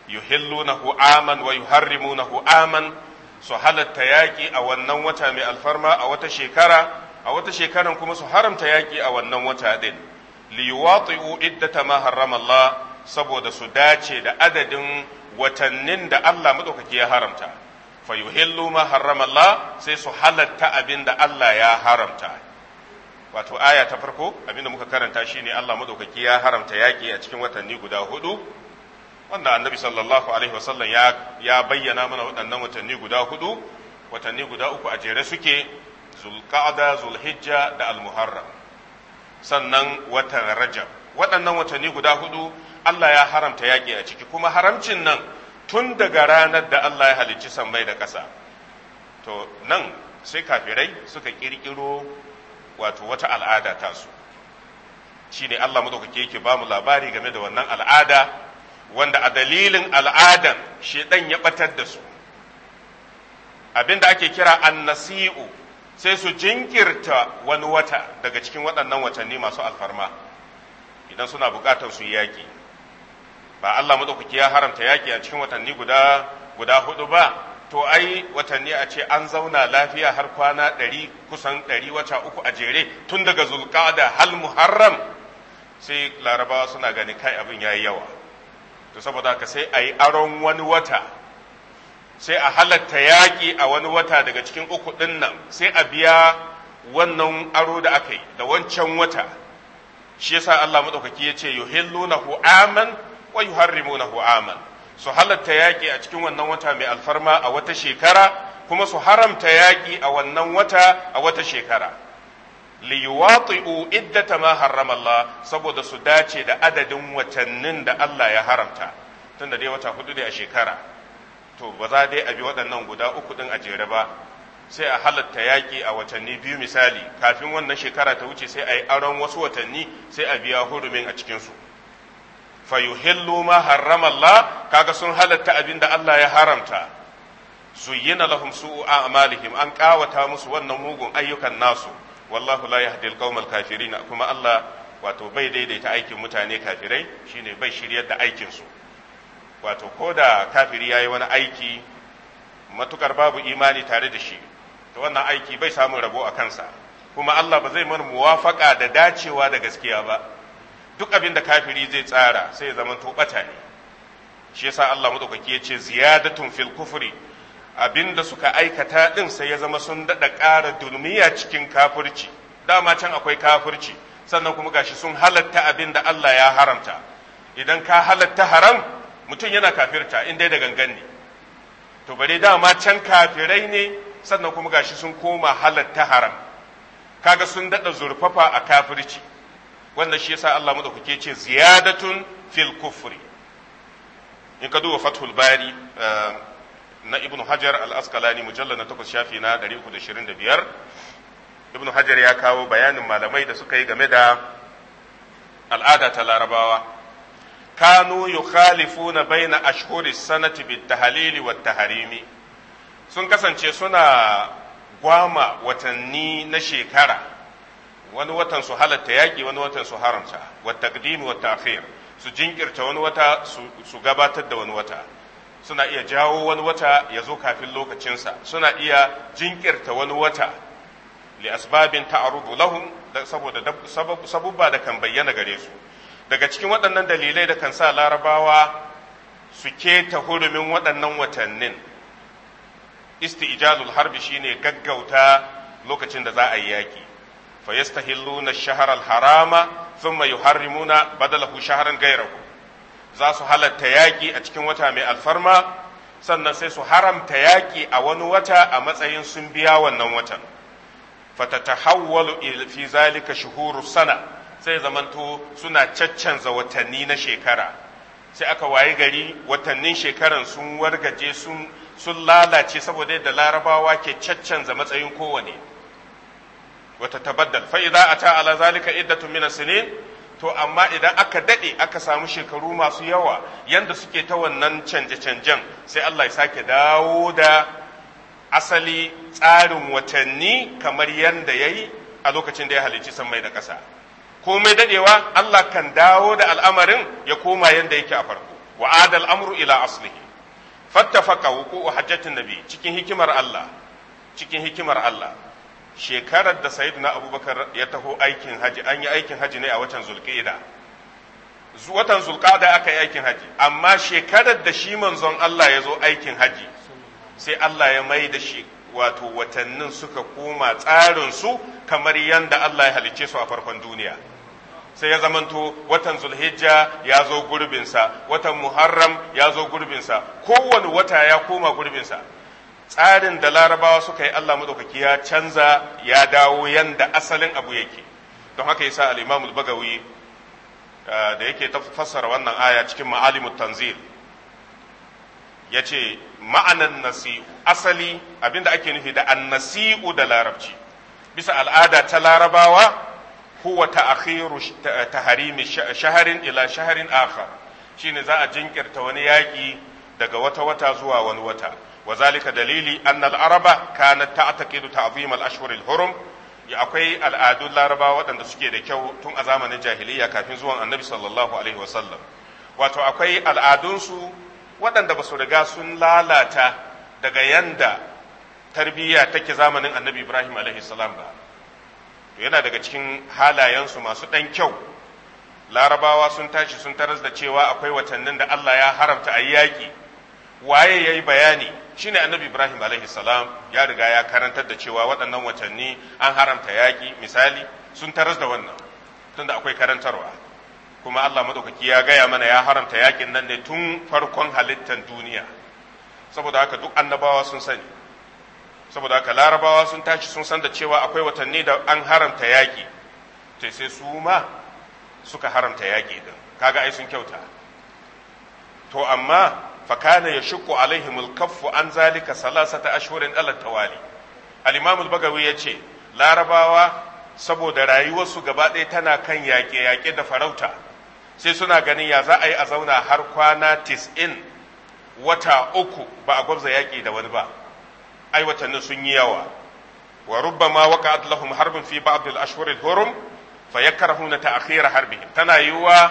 yuhillunahu aman wa yuharrimunahu aman su halatta yaƙi a wannan wata mai alfarma a wata shekara a wata shekaran kuma su haramta yaƙi a wannan wata din liyuwati'u iddata ma harrama Allah saboda su dace da adadin watannin da Allah madaukaki ya haramta fa yuhillu ma harrama Allah sai su halatta abin da Allah ya haramta wato aya ta farko abin da muka karanta shine Allah madaukaki ya haramta yaƙi a cikin watanni guda hudu wanda annabi sallallahu alaihi wasallam ya ya bayyana mana waɗannan watanni guda hudu watanni guda uku a jere suke zulqa'da zulhijja da almuharram sannan watan rajab waɗannan watanni guda hudu Allah ya haramta yaƙi a ciki kuma haramcin nan tun daga ranar da Allah ya halicci sammai da ƙasa to nan sai kafirai suka ƙirƙiro wato wata al'ada tasu shine Allah madaukake yake ba mu labari game da wannan al'ada wanda a dalilin al'adar ɗan ya ɓatar da su abin da ake kira an nasi'u sai su jinkirta wani wata daga cikin waɗannan watanni masu alfarma idan suna buƙatar su yaƙi ba Allah maɗaukaki ya haramta yaƙi a cikin watanni guda guda hudu ba to ai watanni a ce an zauna lafiya har kwana ɗari kusan ɗari wata uku a jere tun daga zulƙada hal muharram sai larabawa suna gani kai abin ya yi yawa to saboda haka sai a yi aron wani wata sai a halatta yaƙi a wani wata daga cikin uku ɗin nan sai a biya wannan aro da aka yi da wancan wata shi yasa Allah maɗaukaki ya ce yuhillunahu aman wa yuharrimunahu aman su halatta yaƙi a cikin wannan wata mai alfarma a wata shekara kuma su haramta yaƙi a wannan wata a wata shekara li iddata ma harrama Allah saboda su dace da adadin watannin da Allah ya haramta tunda dai wata hudu ne a shekara to ba za dai a bi waɗannan guda uku din a jere ba sai a halatta yaƙi a watanni biyu misali kafin wannan shekara ta wuce sai a yi aron wasu watanni sai a biya hurumin a cikinsu fa yuhillu ma harrama Allah kaga sun halatta abin da Allah ya haramta zuyyina lahum su'u a'malihim an ƙawata musu wannan mugun ayyukan nasu wallahu la yahdi al kafirin kuma Allah wato bai daidaita aikin mutane kafirai shine bai shiryar da aikinsu wato ko da kafiri ya yi wani aiki matukar babu imani tare da shi ta wannan aiki bai samun rabo a kansa kuma Allah ba zai mana muwafaka da dacewa da gaskiya ba duk abin da kafiri zai tsara sai ya zama to ne shi yasa Allah madaukaki ya ce ziyadatun fil kufri Abin da suka aikata din sai ya zama sun daɗa ƙara dulmiya cikin kafirci dama can akwai kafirci sannan kuma gashi sun halatta abin da Allah ya haramta idan ka halatta haram mutum yana kafirta in dai da gangan ne to bare dama can kafirai ne sannan kuma gashi sun koma halatta haram kaga sun daɗa zurfafa a kafirci wannan shi yasa Allah kuke ce ziyadatun fil kufri in ka duba fathul bari eh, na ibnu hajar al mujallar mujalla na takwas shafi na 325 ibnu hajar ya kawo bayanin malamai da suka yi game da al'ada ta larabawa kanu na baina ashhuri sanati bitahlili wa taharimi sun kasance suna gwama watanni na shekara wani watan su halatta yaƙi wani watan su haramta wa taqdimi wa ta'khir su jinkirta wani wata su gabatar da wani wata suna iya jawo wani wata ya zo kafin lokacinsa suna iya jinkirta wani wata li asbabin ta'arudu lahum saboda sabubba da kan bayyana gare su daga cikin waɗannan dalilai da kan sa larabawa su keta hurumin waɗannan watannin isti'jalul harbi shine gaggauta lokacin da za a yi yaki fa yastahilluna ash harama thumma yuharrimuna badalahu shahran ghayrahu za su halatta yaƙi a cikin wata mai alfarma sannan sai su haramta yaƙi a wani wata a matsayin sun biya wannan watan fatatahawwalu fi zalika shuhuru sana sai zamanto suna caccanza watanni na shekara sai aka wayi gari watannin shekaran sun wargaje sun sun lalace saboda yadda larabawa ke caccanza matsayin kowane wata tabaddal fa idza ata ala zalika iddatun min as-sinin to amma idan aka daɗe aka samu shekaru masu yawa yanda suke ta wannan canje-canjen sai Allah ya sake dawo da asali tsarin watanni kamar yanda ya yi a lokacin da ya halicci sammai da ƙasa komai daɗewa Allah kan dawo da al'amarin ya koma yanda yake a farko wa adal amru ila aslihi fattafaka wuku hajjatin nabi cikin hikimar Allah cikin hikimar Allah shekarar da na abubakar ya taho aikin haji an yi aikin haji ne a watan zulqa'ida watan zulqa'ida aka yi aikin haji amma shekarar da shi manzon Allah ya zo aikin haji sai Allah ya mai da shi wato watannin suka koma tsarin su kamar yadda Allah ya halicce su a farkon duniya sai ya zamanto watan zulhijja ya zo gurbinsa watan muharram ya zo gurbinsa kowane wata ya koma gurbinsa tsarin da larabawa suka yi Allah madaukaki ya canza ya dawo yanda asalin abu yake don haka yasa al-Imam al-Bagawi eh, da yake fassara wannan aya cikin ma'alimut tanzil yace ma'anan nasi'u asali abinda ake nufi da annasi'u da larabci bisa al'ada ta larabawa huwa ta'khiru taharimi shaharin ila shaharin akhar shine za a jinkirta wani yaƙi daga wata wata zuwa wani wata wa dalili annal araba kanat ta'taqidu ta'zim al ashhur al akwai al'adun larabawa waɗanda suke da kyau tun a zamanin jahiliya kafin zuwa annabi sallallahu alaihi wasallam wato akwai al'adunsu waɗanda ba riga sun lalata daga yanda tarbiyya take zamanin annabi ibrahim alaihi salam ba to yana daga cikin halayensu masu ɗan kyau larabawa sun tashi sun taras da cewa akwai watannin da allah ya haramta a yi yaƙi waye yayi bayani shine annabi ibrahim alaihi salam ya riga ya karantar da cewa waɗannan watanni an haramta yaƙi misali sun taras da wannan tunda akwai karantarwa kuma allah maɗaukaki ya gaya mana ya haramta yaƙin nan ne tun farkon halittar duniya saboda haka duk annabawa sun sani saboda haka larabawa sun tashi sun san da cewa akwai watanni da an haramta yaƙi to sai su ma suka haramta yaƙi din kaga ai sun kyauta to amma fakana ya shukku alaihim alkaffu an zalika salasata ashhurin ala tawali al-imam al-bagawi larabawa saboda rayuwarsu gaba ɗaya tana kan yaƙe-yaƙe da farauta sai suna ganin ya za a yi a zauna har kwana tis'in wata uku ba a gwabza yaƙi da wani ba ai watannin sun yi yawa wa rubbama waqa'at lahum harbin fi ba'd al-ashhur al-hurum fayakrahuna ta'khir harbi tana yiwuwa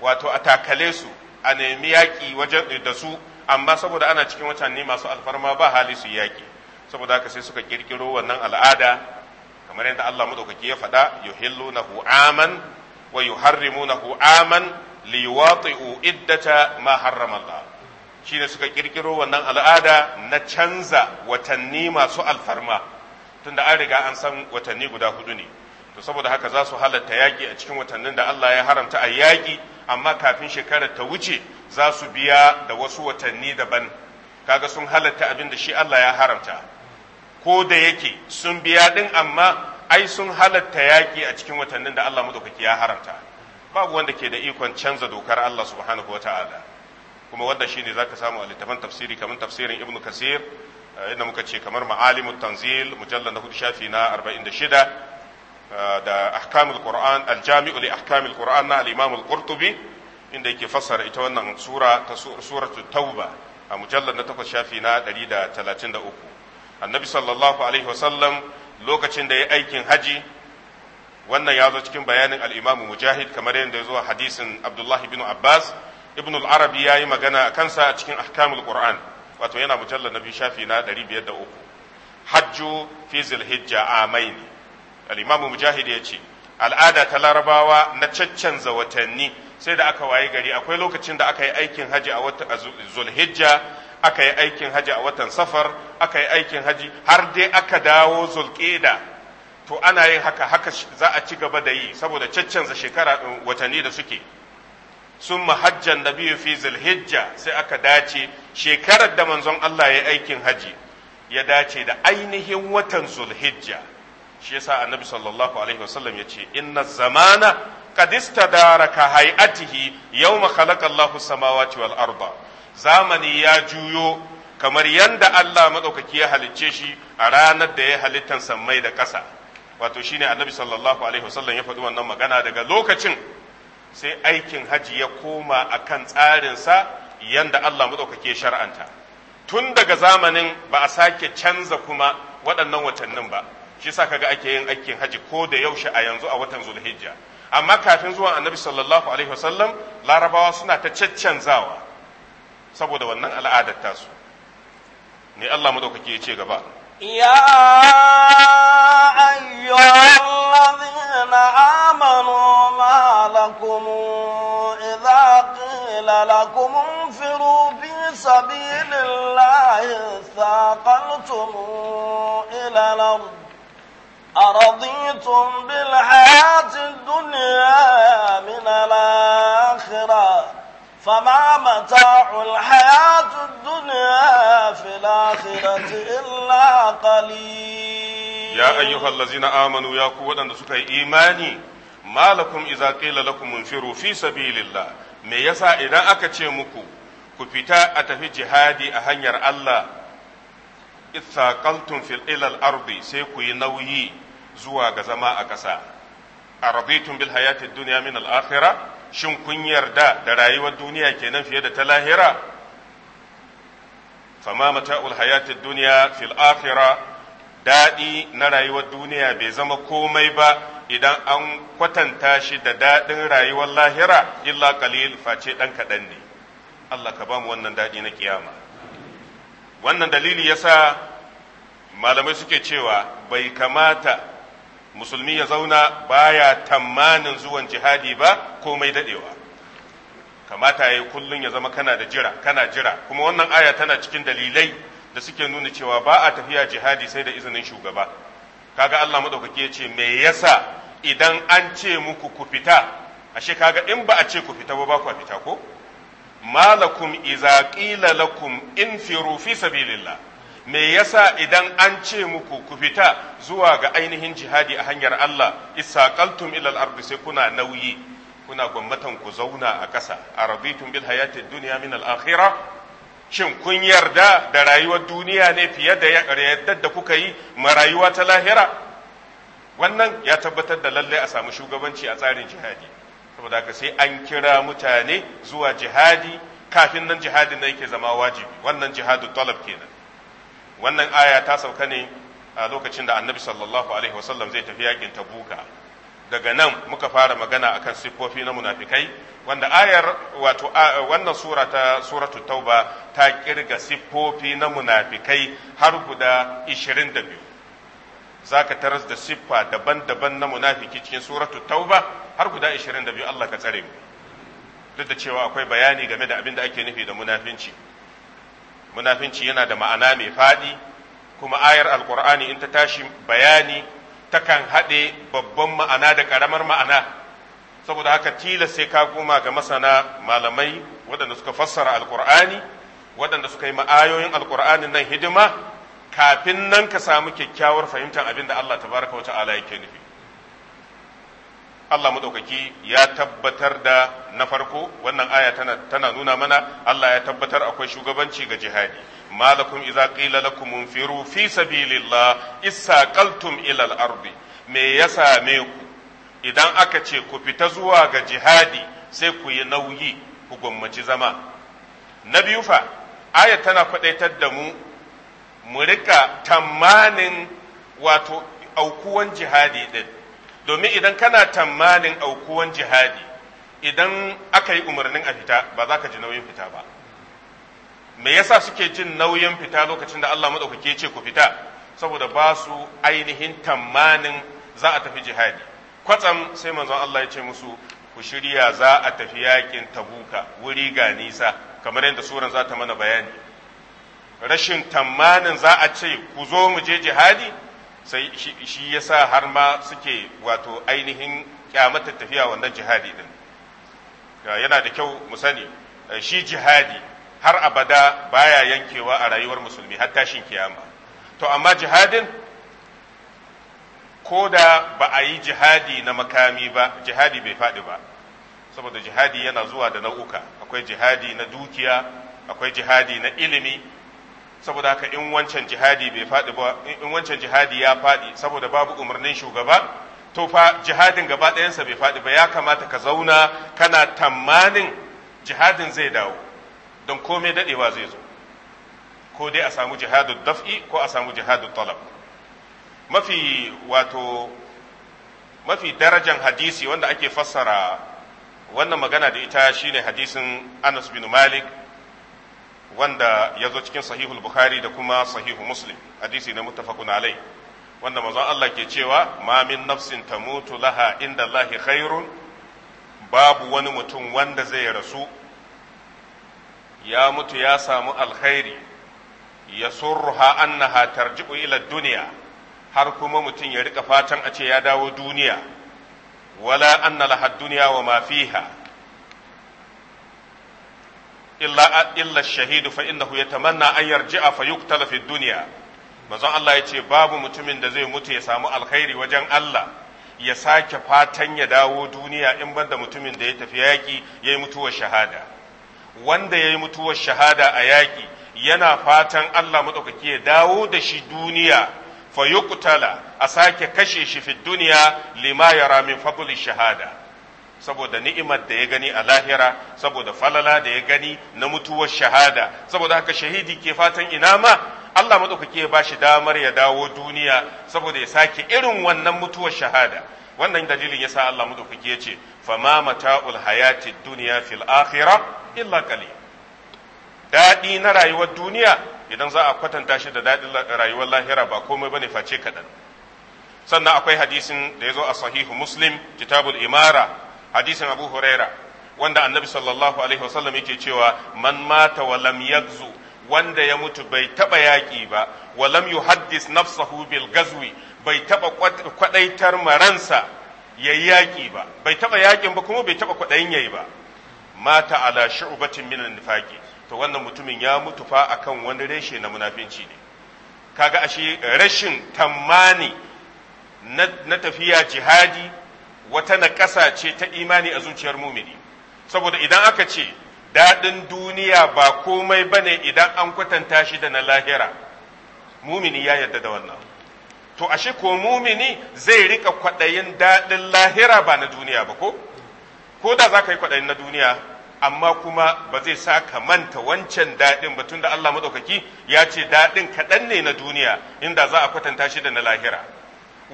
wato a takale su a nemi yaƙi wajen da su amma saboda ana cikin watanni masu alfarma ba hali su yaƙi saboda haka sai suka kirkiro wannan al'ada kamar yadda Allah madaukaki ya faɗa yuhillunahu aman wa yuharrimunahu aman liwati'u iddata ma harrama Allah shine suka kirkiro wannan al'ada na canza watanni masu alfarma tunda an riga an san watanni guda hudu ne to saboda haka za su halatta yaƙi a cikin watannin da Allah ya haramta a yaƙi amma kafin shekarar ta wuce za su biya da wasu watanni daban kaga sun halatta abin da shi Allah ya haramta ko da yake sun biya din amma ai sun halatta yaƙi a cikin watannin da Allah madaukaki ya haramta babu wanda ke da ikon canza dokar Allah subhanahu wata'ala kuma wanda shine zaka samu a littafin tafsiri kamar tafsirin Ibn Kasir eh, inda muka ce kamar ma'alimut tanzil mujallar na hudu shafi na 46 da ahkamul qur'an aljami'u li ahkamul qur'an na al-imam al-qurtubi inda yake fasara ita wannan sura ta suratu tauba a mujallar na takwas shafi na 133 annabi sallallahu alaihi wasallam lokacin da ya aikin haji wannan ya zo cikin bayanin al-imam mujahid kamar yadda ya zo hadisin abdullahi bin abbas ibn al-arabi yayi magana a kansa a cikin ahkamul qur'an wato yana mujallar na biyu shafi na 503 hajju fi zilhijja amaini al'imamu mujahid ya ce al'ada ta larabawa na caccanza watanni sai da aka waye gari akwai lokacin da aka yi aikin haji a watan zulhijja aka yi aikin haji a watan safar aka yi aikin haji har dai aka dawo zulƙeda to ana yin haka haka za a ci gaba da yi saboda caccanza shekara uh, watanni da suke sun mahajjan da biyu fi zulhijja sai aka dace shekarar da manzon Allah ya aikin haji ya dace da ainihin watan zulhijja shi yasa annabi sallallahu alaihi wasallam yace inna zamana qad istadara ka hay'atihi yawma khalaqa Allahu samawati wal arda zamani ya juyo kamar yanda Allah madaukaki ya halicce shi a ranar da ya halittan sammai da ƙasa wato shine annabi sallallahu alaihi wasallam ya faɗi wannan magana daga lokacin sai aikin haji ya koma akan tsarinsa yanda Allah madaukaki ya shar'anta tun daga zamanin ba a sake canza kuma waɗannan watannin ba shi yasa kaga ake yin aikin haji ko da yaushe a yanzu a watan zulhijja amma kafin zuwan annabi sallallahu alaihi wasallam larabawa suna ta caccanzawa saboda wannan al'adar tasu ne Allah madaukake ya ce gaba ya أيها الذين آمنوا ما لكم إذا قيل لكم انفروا في سبيل الله ثاقلتم إلى الأرض أرضيتم بالحياة الدنيا من الآخرة فما متاع الحياة الدنيا في الآخرة إلا قليل يا أيها الذين آمنوا يا قوة أن تسكي إيماني ما لكم إذا قيل لكم انفروا في سبيل الله me yasa idan aka ce muku ku fita a tafi jihadi a hanyar Allah ithaqaltum fil ilal ardi sai ku yi nauyi zuwa ga zama a ƙasa a raditun bil hayatid duniya min al shin kun yarda da rayuwar duniya kenan fiye da ta lahira fama mata'ul hayatid duniya fil akhirah daɗi na rayuwar duniya bai zama komai ba idan an kwatanta shi da daɗin rayuwar lahira illa qalil face ɗan kaɗan ne Allah ka ba mu wannan daɗi na kiyama wannan dalili yasa malamai suke cewa bai kamata musulmi ya zauna baya tamanin zuwan jihadi ba komai dadewa kamata yi kullum ya zama kana da jira kana jira kuma wannan aya tana cikin dalilai da suke nuna cewa ba a tafiya jihadi sai da izinin shugaba kaga Allah madaukake ya ce me yasa idan an ce muku ku fita ashe kaga in ba a ce ku fita ba ba ku fita ko malakum iza qila lakum infiru fi sabilillah me yasa idan an ce muku ku fita zuwa ga ainihin jihadi a hanyar Allah isa ila al-ardi sai kuna nauyi kuna gwammatan ku zauna a ƙasa araditum bil hayati dunya min al-akhirah shin kun yarda da rayuwar duniya ne fiye da yaddar da kuka yi ma rayuwa ta lahira wannan ya tabbatar da lallai a samu shugabanci a tsarin jihadi saboda haka sai an kira mutane zuwa jihadi kafin nan jihadin na yake zama wajibi wannan jihadu talab kenan wannan aya ta sauka ne a lokacin da annabi sallallahu alaihi wasallam zai tafi yakin tabuka daga nan muka fara magana akan siffofi na munafikai wanda ayar wato wannan sura ta suratu tauba ta kirga siffofi na munafikai har guda 22 zaka taras da siffa daban-daban na munafiki cikin suratu tauba har guda 22 Allah ka tsare mu duk da cewa akwai bayani game da abin da ake nufi da munafinci munafinci yana da ma'ana mai faɗi kuma ayar alkur'ani in ta tashi bayani takan haɗe babban ma'ana da ƙaramar ma'ana saboda haka tilas sai ka koma ga masana malamai waɗanda suka fassara alkur'ani waɗanda suka yi ma'ayoyin alkur'anin nan hidima kafin nan ka samu kyakkyawar fahimtar abin da Allah tabaraka wa ta'ala yake nufi Allah maɗaukaki ya tabbatar da na farko wannan aya tana, nuna mana Allah ya tabbatar akwai shugabanci ga jihadi malakum iza qila lakum munfiru fi sabilillah isaqaltum ila al-ardi me ya same ku idan aka ce ku fita zuwa ga jihadi sai ku yi nauyi ku gwammaci zama na biyu fa aya tana faɗaitar da mu mu rika tamanin wato aukuwan jihadi din domin idan kana tammanin aukuwan jihadi idan aka yi umarnin a fita ba za ka ji nauyin fita ba me yasa suke jin nauyin fita lokacin da Allah madaukake ya ce ku fita saboda ba su ainihin tammanin za a tafi jihadi kwatsam sai manzon Allah ya ce musu ku shirya za a tafi yakin tabuka wuri ga nisa kamar yadda suran za ta mana bayani rashin tammanin za a ce ku zo mu je jihadi sai shi ya sa har ma suke wato ainihin kyamata tafiya wannan jihadi din yana da kyau mu sani eh, shi jihadi har abada baya yankewa a rayuwar musulmi har tashin kiyama to amma jihadin ko da ba a yi jihadi na makami ba jihadi bai faɗi ba saboda jihadi yana zuwa da nau'uka akwai jihadi na dukiya akwai jihadi na ilimi saboda haka in wancan jihadi bai faɗi ba in wancan jihadi ya faɗi saboda babu umarnin shugaba to fa jihadin gaba ɗayansa bai faɗi ba ya kamata ka zauna kana tamanin jihadin zai dawo don komai daɗewa zai zo ko dai a samu jihadu daf'i ko a samu jihadu talab mafi wato mafi darajan hadisi wanda ake fassara wannan magana da ita shine hadisin Anas bin Malik wanda ya zo cikin sahihul bukhari da kuma sahihu muslim hadisi na muttafaqun alai wanda manzon Allah ke cewa ma min nafsin tamutu laha inda lahi khairun babu wani mutum wanda zai rasu ya mutu ya samu alkhairi ya surruha annaha tarji'u ila duniya har kuma mutum ya rika fatan a ce ya dawo duniya wala anna laha duniya wa ma fiha illa illa shahidu fa innahu yatamanna an yarji'a fa yuqtala fi dunya manzon Allah yace babu mutumin da zai mutu ya samu alkhairi wajen Allah ya sake fatan ya dawo duniya in banda mutumin da ya tafi yaki yayi mutuwar shahada wanda yayi mutuwar shahada a yaki yana fatan Allah madaukaki ya dawo da shi duniya fa yuqtala a sake kashe shi fi dunya lima yara min fadli shahada saboda ni'imar da ya gani a lahira saboda falala da ya gani na mutuwar shahada saboda haka shahidi ke fatan ina ma Allah madaukake ya bashi damar ya dawo duniya saboda ya sake irin wannan mutuwar shahada wannan dalilin yasa Allah madaukake ya ce fama mata'ul hayati duniya fil akhirah illa qalil Daɗi na rayuwar duniya idan za a kwatanta shi da daɗin rayuwar lahira ba komai ne face kaɗan. sannan akwai hadisin da ya zo a sahihu muslim kitabul imara hadisin abu huraira wanda annabi sallallahu alaihi wasallam yake cewa man mata wa lam yagzu wanda ya mutu bai taba yaƙi ba wa lam yuhaddis nafsahu bil gazwi bai taba kwadaitar maransa yayi yaƙi ba bai taba yaƙin ba kuma bai taba kwadayin yayi ba mata ala shu'batin minan nifaqi to wannan mutumin ya mutu fa akan wani reshe na munafinci ne kaga ashe rashin tammani na tafiya jihadi wata naƙasa ce ta imani a zuciyar mumini saboda idan aka ce daɗin duniya ba komai ba ne idan an kwatanta shi da na lahira mumini ya yarda da wannan to ashe ko mumini zai rika kwaɗayin daɗin lahira ba na duniya ba ko ko da za ka yi kwaɗayin na duniya amma kuma ba zai sa ka manta wancan daɗin ba tun da Allah maɗaukaki ya ce daɗin kaɗan ne na duniya inda za a kwatanta shi da na lahira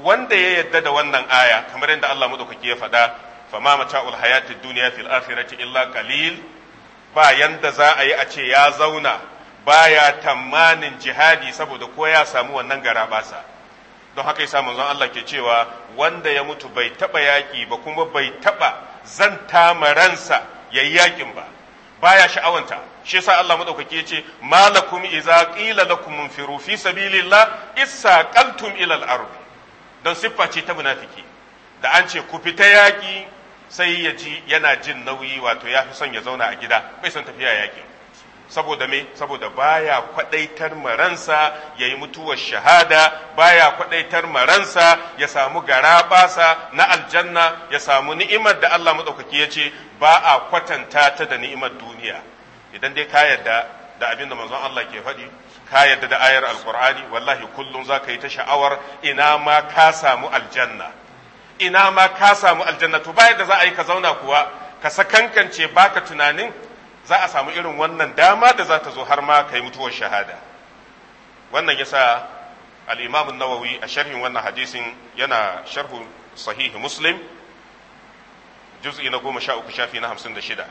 wanda ya yadda da wannan aya kamar yadda Allah madaukaki ya faɗa fama mata'ul hayatid duniya fil akhirati illa qalil ba yanda za a yi a ce ya zauna baya tamanin jihadi saboda ko ya samu wannan basa don haka yasa manzon Allah ke cewa wanda ya mutu bai taba yaki ba kuma bai taba zanta maransa yayi yakin ba baya sha'awanta shi yasa Allah madaukaki ya ce malakum iza qila lakum munfiru fi sabilillah issa qaltum ila al-ardh don siffa ce ta munafiki da an ce ku fita yaƙi sai ya ji yana jin nauyi wato ya fi son ya zauna a gida bai son tafiya yaƙi saboda me saboda baya kwadaitar maransa ya yi mutuwar shahada baya kwadaitar maransa ya samu garaɓasa na aljanna ya samu ni'imar da Allah maɗaukaki ya ce ba a kwatanta ta da ni'imar duniya idan dai ka yarda da abinda da manzon Allah ke faɗi ka yarda da ayar alkur'ani wallahi kullum za ka yi ta sha'awar ina ma ka samu aljanna ina ma ka samu aljanna to bayan da za a yi ka zauna kuwa ka sakankance baka tunanin za a samu irin wannan dama da za ta zo har ma ka yi mutuwar shahada wannan yasa al-imam an-nawawi a sharhin wannan hadisin yana sharhu sahihi muslim juz'i na goma sha uku shafi na hamsin da shida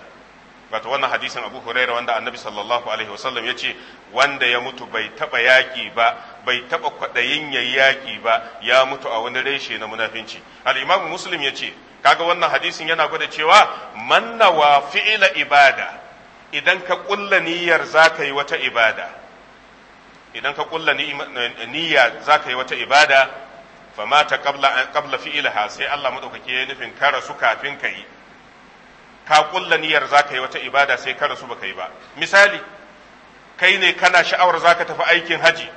wato wannan hadisin abu huraira wanda annabi sallallahu alaihi wasallam ya ce wanda ya mutu bai taba yaki ba bai taba kwaɗayin ya yaki ba ya mutu a wani reshe na munafinci al-imamu muslim ya ce kaga wannan hadisin yana gwada cewa manna wa fi'ila ibada idan ka kulla niyyar zaka yi wata ibada idan ka kulla niyya zaka yi wata ibada famata qabla qabla fi'laha sai Allah madaukake ya nufin ka su kafin ka yi ka kulla niyyar za ka yi wata ibada sai ka rasu baka yi ba misali kai ne kana sha'awar za ka tafi aikin haji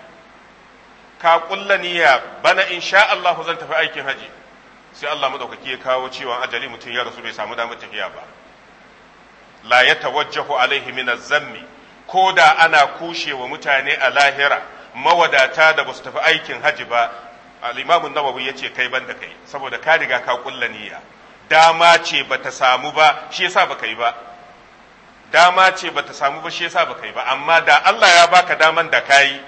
ka kulla niyya bana in sha Allah zan tafi aikin haji sai Allah madaukaki ya kawo ciwon ajali mutum ya rasu bai samu damar tafiya ba la ya tawajjahu alaihi min zammi ko da ana kushewa mutane a lahira mawadata da ba su tafi aikin haji ba al-imamu nawawi yace kai ban da kai saboda ka riga ka kulla niyya dama ce ba ta samu ba shi yasa baka yi ba dama ce ba ta samu ba shi yasa baka yi ba amma da Allah ya baka daman da kayi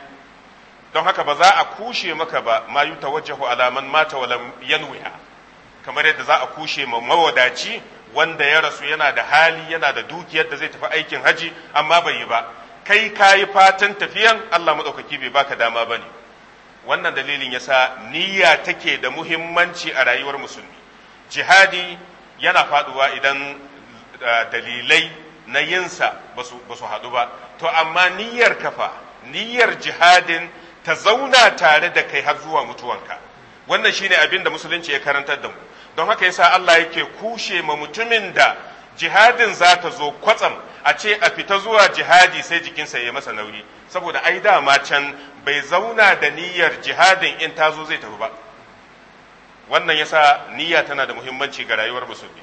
don haka ba za a kushe maka ba ma tawajjahu ala man mata wala yanwiha kamar yadda za a kushe ma mawadaci wanda ya rasu yana da hali yana da dukiyar da zai tafi aikin haji amma bai yi ba kai kayi fatan tafiyan Allah madaukaki bai baka dama bane wannan dalilin yasa niyya take da muhimmanci a rayuwar musulmi jihadi yana faduwa idan eh, dalilai na yinsa ba su haɗu ba to amma niyyar kafa niyyar jihadin ta zauna tare da kai har zuwa mutuwanka wannan shine abin da musulunci ya karantar da mu don haka yasa Allah yake kushe ma mutumin da jihadin za ta zo kwatsam a ce a fita zuwa jihadi sai jikinsa ya masa nauyi saboda ai dama can bai zauna da niyyar jihadin in ta zo zai tafi ba wannan yasa niyya tana da muhimmanci ga rayuwar musulmi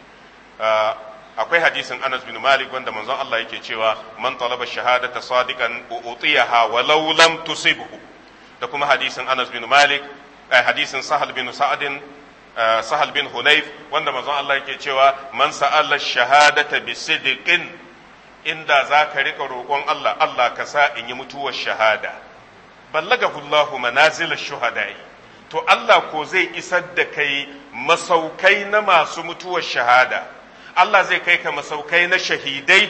ah, akwai hadisin Anas bin Malik wanda manzon Allah yake cewa man talaba shahadata sadiqan utiyaha walau lam tusibhu da kuma hadisin Anas bin Malik eh, hadisin Sahal bin Sa'adin eh, Sahal bin Hunayf wanda manzon Allah yake cewa man sa'ala shahadata bi sidqin inda zaka rika roƙon Allah Allah ka sa in yi mutuwar shahada ballagahu Allahu manazil shuhada'i to Allah ko zai isar da kai masaukai na masu mutuwar shahada Allah zai kai ka masaukai na shahidai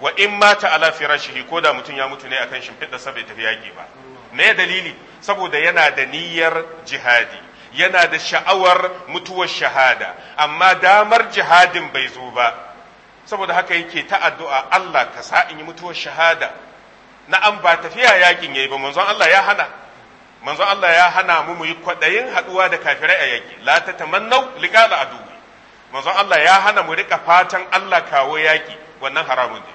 wa in mata ala firashihi ko da mutum ya mutu ne akan shimfiɗa saboda tafi yaƙi ba me dalili saboda yana da niyyar jihadi yana da sha'awar mutuwar shahada amma damar jihadin bai zo ba saboda haka yake ta addu'a Allah ka sa in yi mutuwar shahada na an ba tafiya yaƙin yayi ba manzon Allah ya hana manzo Allah ya hana mu mu yi kwaɗayin haɗuwa da kafirai a yaƙi la ta tamannau liqa adu manzo Allah ya hana mu rika fatan Allah kawo yaƙi wannan haramun ne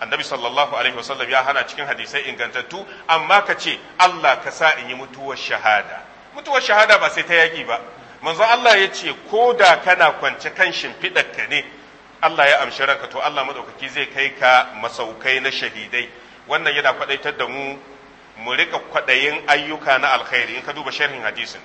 annabi sallallahu alaihi wasallam ya hana cikin hadisai ingantattu amma ka ce Allah ka sa in yi mutuwar shahada mutuwar shahada ba sai ta yaƙi ba manzo Allah ya ce ko da kana kwance kan shimfiɗarka ne Allah ya amshi ranka to Allah madaukaki zai kai ka masaukai na shahidai wannan yana kwaɗaitar da mu mu rika kwaɗayin ayyuka na alkhairi in ka duba sharhin hadisin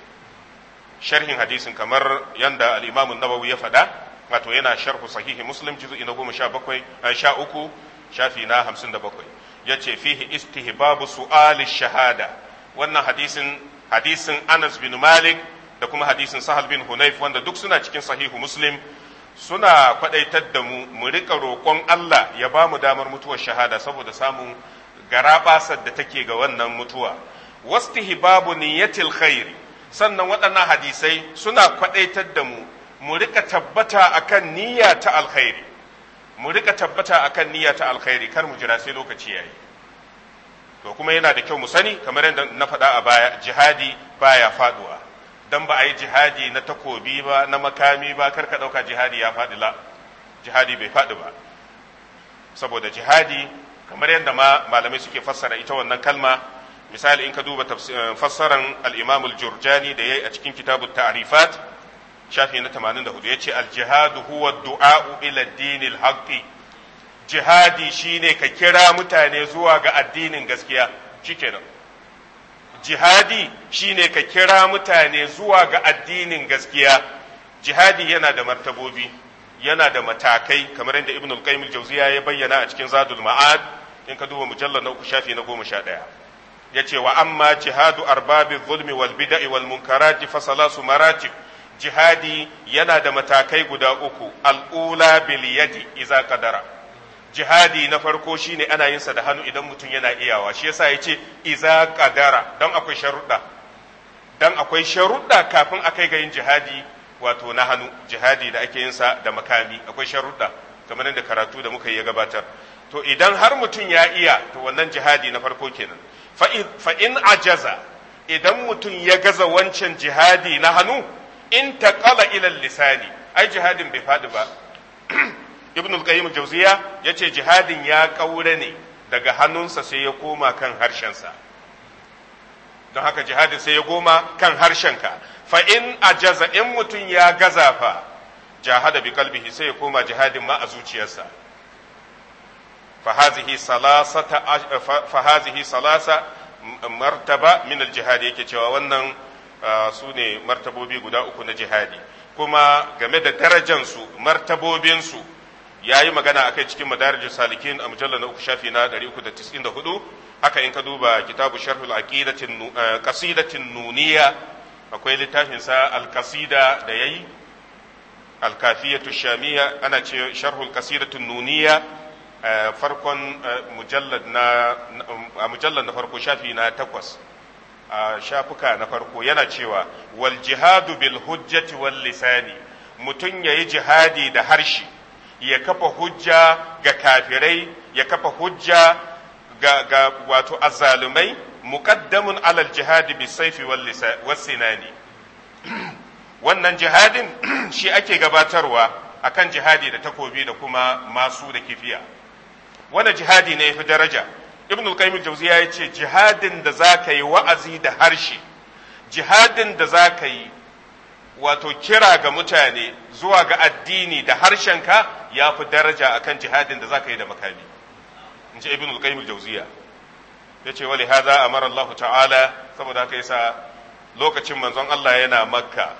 sharhin hadisin kamar yanda al-imam ya faɗa wato yana sharhu sahihi muslim juz'i ina goma sha bakwai sha uku shafi na hamsin da bakwai ya ce fihi istihbabu su'ali shahada wannan hadisin hadisin anas bin malik da kuma hadisin sahal bin hunayf wanda duk suna cikin sahihu muslim suna kwaɗaitar da mu mu rika roƙon Allah ya ba mu damar mutuwar shahada saboda samun garabasar da take ga wannan mutuwa wasu wastihbabu niyatil khairi sannan waɗannan hadisai suna kwadaitar da mu mu rika tabbata akan niyya ta alkhairi mu rika tabbata akan niyya ta alkhairi kar mu jira sai lokaci yayi to kuma yana da kyau mu sani kamar yadda na faɗa a baya jihadi baya faduwa dan ba a yi jihadi na takobi ba na makami ba kar ka ɗauka jihadi ya faɗi la jihadi bai faɗi ba saboda jihadi kamar yadda ma malamai suke fassara ita wannan kalma misali in ka duba eh, fassaran al-imam al-jurjani da yayi a cikin kitabu ta'rifat shafi na 84 yace al aljihadu huwa du'a'u ila dinil haqqi jihadi shine ka kira mutane zuwa ga addinin gaskiya shikenan jihadi shine ka kira mutane zuwa ga addinin gaskiya jihadi yana da martabobi yana da matakai kamar yadda ibn al-qayyim al-jawziya ya bayyana a cikin zadul ma'ad in ka duba mujallar na uku shafi na goma sha ɗaya ya ce wa amma jihadu arbabi zulmi wal bida'i wal munkarati fa salasu maratib jihadi yana da matakai guda uku al'ula bil yadi iza kadara jihadi na farko shine ana yin sa da hannu idan mutum yana iyawa shi yasa ya ce iza kadara don akwai sharuɗa dan akwai sharuɗa kafin a kai ga yin jihadi wato na hannu jihadi da ake yin sa da makami akwai sharuɗa kamar da karatu da muka yi ya gabatar to idan har mutum ya iya to wannan jihadi na farko kenan fa in ajaza idan mutum ya gaza wancan jihadi na hannu in taqala ila lisani ai jihadin bai fadi ba [clears throat] ibn al-qayyim jawziya yace jihadin ya kaure ne daga hannunsa sai ya koma kan harshensa don haka jihadin sai ya goma kan harshenka fa in ajaza in mutum ya gaza fa jahada bi kalbihi sai ya koma jihadin ma a zuciyarsa fahazihi salasata fahazihi salasa martaba min al-jihad yake cewa wannan su ne martabobi guda uku na jihadi kuma game da darajansu martabobinsu ya yi magana akai cikin madarajin salikin a mujallar na uku shafi na 394 haka in ka duba kitabu sharhul aqidatin qasidatin nuniya akwai littafin sa al-qasida da yayi al-kafiyatu shamiyya ana ce sharhul qasidatin nuniya Eh, farkon eh, mujallad na mujallad na farko shafi na takwas a shafuka na farko yana cewa wal jihadu bil hujjati wal lisani mutum yayi jihadi da harshe ya kafa hujja ga kafirai ya kafa hujja ga, ga wato azzalumai muqaddamun alal jihadi bis saifi wal sinani [clears throat] wannan jihadin [clears throat] shi ake gabatarwa akan jihadi da takobi da kuma masu da kifiya wani jihadi ne fi daraja ibn al-qayyim al-jawziya yace jihadin da zaka yi wa'azi da harshe jihadin da zaka yi wato kira ga mutane zuwa ga addini da harshenka ya fi daraja akan jihadin da zaka yi da makami in ji ibn al-qayyim al-jawziya yace wali hadha amara Allah ta'ala saboda haka yasa lokacin manzon Allah yana makka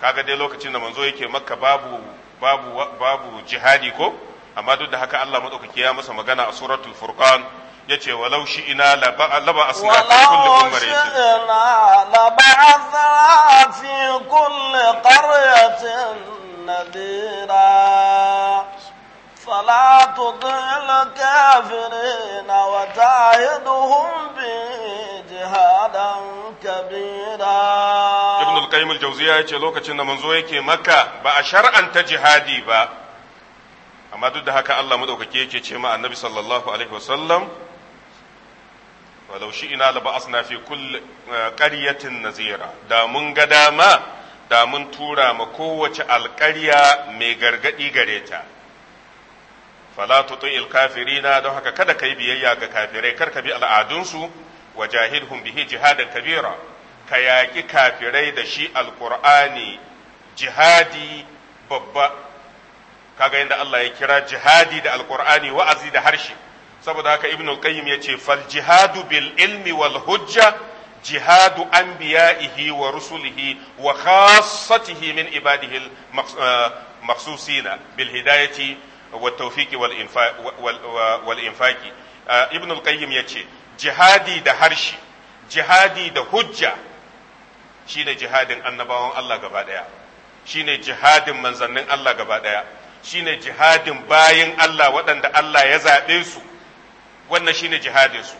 kaga dai lokacin da manzo yake makka babu babu babu jihadi ko amma duk da haka Allah madaukaki ya masa magana a suratul furqan yace walau shi ina laba asna fi kulli ummatin laba asna fi kulli qaryatin nadira فلا تطع الكافرين وتعهدهم بجهادا كبيرا ابن القيم الجوزية يقول لك أن منزويك مكة بأشرعا تجهادي بأ amma duk da haka Allah madaukake yake ce ma annabi sallallahu alaihi wasallam walau shi ina la ba'asna fi kulli eh, qaryatin nazira da mun ga dama da mun tura ma kowace alƙarya mai gargadi gare ta fala tuti'il kafirina don haka kada kai biyayya ga kafirai kar ka bi al'adunsu wa jahilhum bihi jihadan kabira ka yaƙi kafirai da shi alƙur'ani jihadi babba kaga yadda Allah ya kira jihadi da alqur'ani wa'azi da harshe saboda haka ibnu qayyim yace fal jihadu bil ilmi wal hujja jihadu anbiya'ihi wa rusulihi wa khassatihi min ibadihi maksusina uh, bil hidayati wa tawfiqi wal wal uh, Ibn ibnu qayyim yace jihadi da harshe jihadi da hujja shine jihadin annabawan Allah gaba daya shine jihadin manzannin Allah gaba daya shine jihadin bayin Allah waɗanda Allah ya zaɓe su wannan shine jihadin su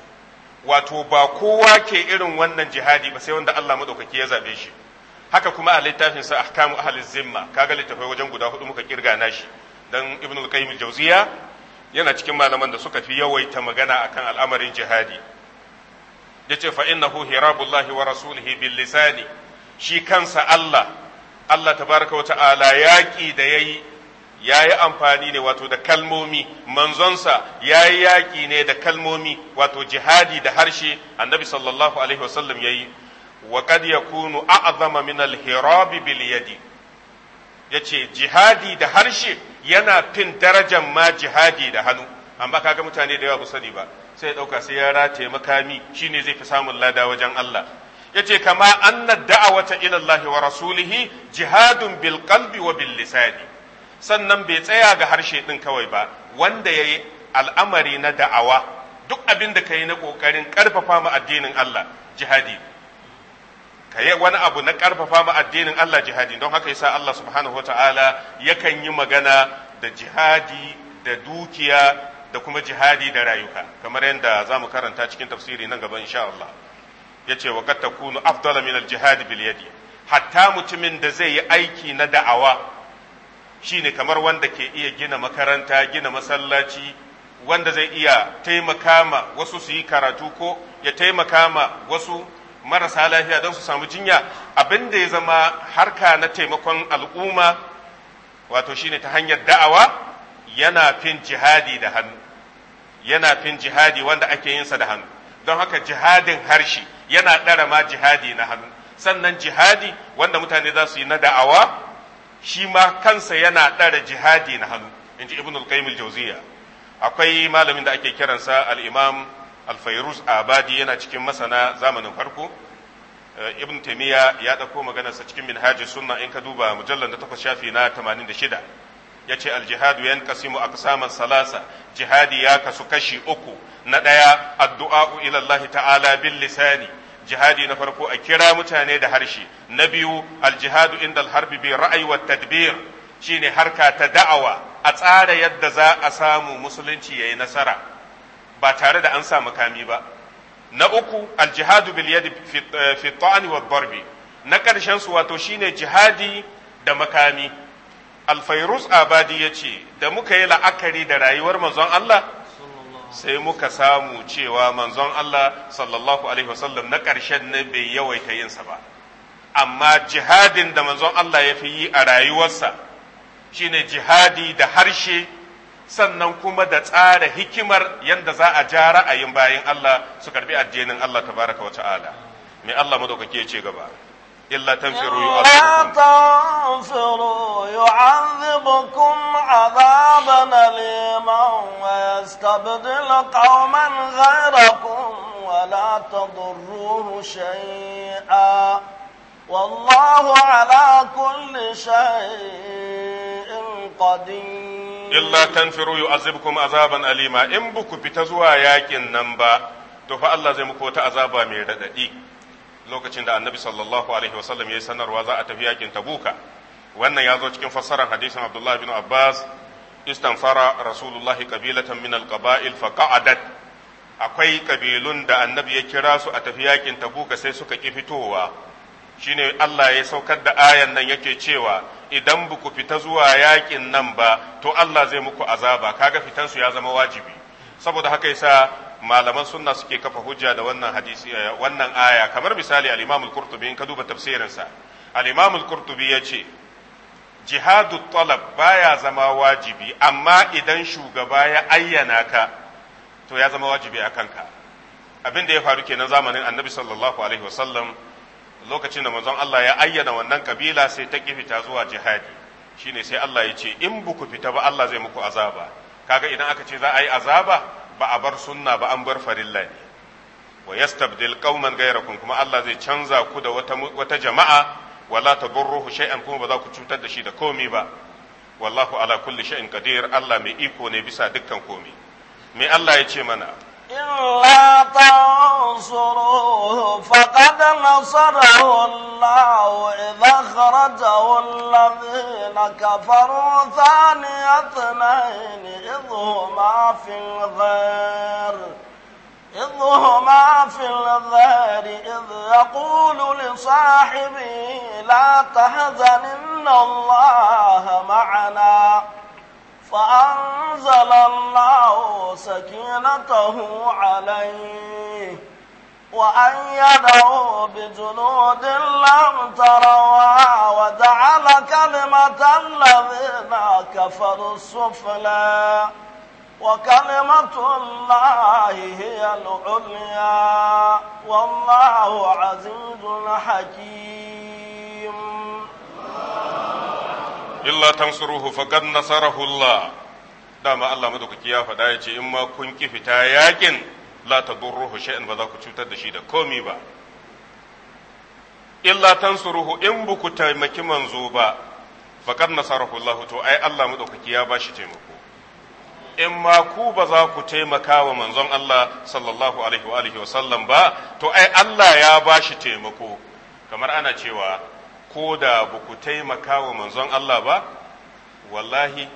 wato ba kowa ke irin wannan jihadi ba sai wanda Allah madaukaki ya zaɓe shi haka kuma a littafin sa ahkamu ahli zimma kaga littafai wajen guda hudu muka kirga nashi dan ibnul qayyim al-jawziya yana cikin malaman da suka fi yawaita magana akan al'amarin jihadi yace fa innahu hirabullahi wa rasulihi bil lisani shi kansa Allah Allah tabaraka wa ta'ala yaƙi da yayi ya yi amfani ne wato da kalmomi manzonsa ya yi yaƙi ne da kalmomi wato jihadi da harshe annabi sallallahu alaihi wasallam ya yi wa kad yakunu a'azama min al-hirab bil yadi yace jihadi da harshe yana fin darajar ma jihadi da hannu amma kaga mutane da yawa ba sani ba sai ya ɗauka sai ya rataye makami shine zai fi samun lada wajen Allah yace kama anna da'awata ila Allah wa rasulihi jihadun bil qalbi wa bil lisani sannan bai tsaya ga harshe ɗin kawai ba wanda ya yi al'amari na da'awa duk abin da ka yi na ƙoƙarin ƙarfafa ma addinin Allah jihadi ka yi wani abu na ƙarfafa ma addinin Allah jihadi don haka yasa Allah subhanahu wata'ala yakan yi magana da jihadi da dukiya da kuma jihadi da rayuka kamar yadda za mu karanta cikin tafsiri nan gaba insha Allah ya ce wa kattakunu afdala min al jihadi bil yadi hatta mutumin da zai yi aiki na da'awa shine kamar wanda ke iya gina makaranta gina masallaci wanda zai iya taimaka ma wasu su yi karatu ko ya taimaka ma wasu marasa lafiya don su samu jinya abin da ya zama harka na taimakon al'umma wato shine ta hanyar da'awa yana fin jihadi da hannu yana fin jihadi wanda ake yinsa da hannu don haka jihadin harshe yana ɗara ma jihadi na hannu sannan jihadi wanda mutane za su yi na da'awa shi ma kansa yana ɗara jihadi na hannu in ji ibn al akwai malamin da ake kiransa al-imam al-fayruz abadi yana cikin masana zamanin farko eh, ibn Taimiyya ya ɗauko maganarsa cikin Haji sunna in ka duba mujallar da takwas shafi na 86 ya ce al-jihadu yanqasimu aqsaman salasa jihadi ya kasu kashi uku na ɗaya addu'a ilallahi ta'ala bil lisani jihadi na farko a kira mutane da harshe na biyu aljihadu inda alharbi bi ra'ayi wa tadbir shine harka ta da'awa a tsara yadda za a samu musulunci yayi nasara ba tare da an sa makami ba na uku aljihadu bil yadi fi wa barbi na karshen su wato shine jihadi da makami alfairus abadi yace da muka yi la'akari da rayuwar manzon Allah sai muka samu cewa manzon Allah sallallahu alaihi wasallam na ƙarshen ne bai yawaita yinsa ba amma jihadin da manzon Allah ya fi yi a rayuwarsa shine jihadi da harshe sannan kuma da tsara hikimar yadda za a ja ra'ayin bayin Allah su karbi addinin Allah tabaraka wa ta'ala mai Allah madaukake ya ce gaba إلا تنفروا يعذبكم تنفروا يعذبكم عذابا أليما ويستبدل قوما غيركم ولا تضروه شيئا والله على كل شيء قدير إلا تنفروا يعذبكم عذابا أليما إن بكو بتزوى ياكن نمبا تفعل الله زي مكوتا عذابا ميردئي lokacin da annabi sallallahu alaihi wasallam ya yi sanarwa za a tafi yakin tabuka wannan ya zo cikin fassarar hadisin abdullah bin abbas istanfara rasulullahi qabilatan min alqaba'il faqa'adat akwai kabilun da annabi ya kira su a tafi yakin tabuka sai suka ki fitowa shine Allah ya saukar da ayan nan yake cewa idan baku fita zuwa yakin nan ba to Allah zai muku azaba kaga fitansu ya zama wajibi saboda haka yasa malaman sunna suke kafa hujja da wannan hadisi eh, wannan aya kamar misali al-Imam al-Qurtubi in ka duba tafsirinsa sa al-Imam al-Qurtubi yace jihadu talab baya zama wajibi amma idan shugaba ya ayyana ka to ya zama wajibi a kanka abin da ya faru kenan zamanin annabi sallallahu alaihi wasallam lokacin da manzon Allah ya ayyana wannan kabila sai ta ki fita zuwa jihadi shine sai Allah ya ce in buku fita ba Allah zai muku azaba kaga idan aka ce za a yi azaba ba a bar sunna ba an bar farilla ne wa yastabdil qauman ghayrakum kuma Allah zai canza ku da wata wata jama'a wala tadurruhu shay'an kuma ba za ku cutar da shi da komai ba wallahu ala kulli shay'in qadir Allah mai iko ne bisa dukkan komai me Allah ya ce mana إلا تنصروه فقد نصره الله إذا خرجه الذين كفروا ثاني اثنين إذ هما في الغير إذ هما في الغير إذ يقول لصاحبه لا تهزن إن الله معنا فأنزل الله سكينته عليه وأيده بجنود لم تروا وجعل كلمة الذين كفروا السفلى وكلمة الله هي العليا والله عزيز حكيم illa tansuruhu faqad nasarahu Allah dama Allah madaukaki ya faɗa ya ce in ma kun ki fita yakin la tadurruhu shay'an ba za ku cutar da shi da komi ba illa tansuruhu in ba ku taimaki manzo ba faqad nasarahu Allah to ai Allah madaukaki ya bashi taimako in ma ku ba za ku taimaka wa manzon Allah sallallahu alaihi wa alihi wa sallam ba to ai Allah ya bashi taimako kamar ana cewa ko da ba ku taimaka wa manzon Allah ba wallahi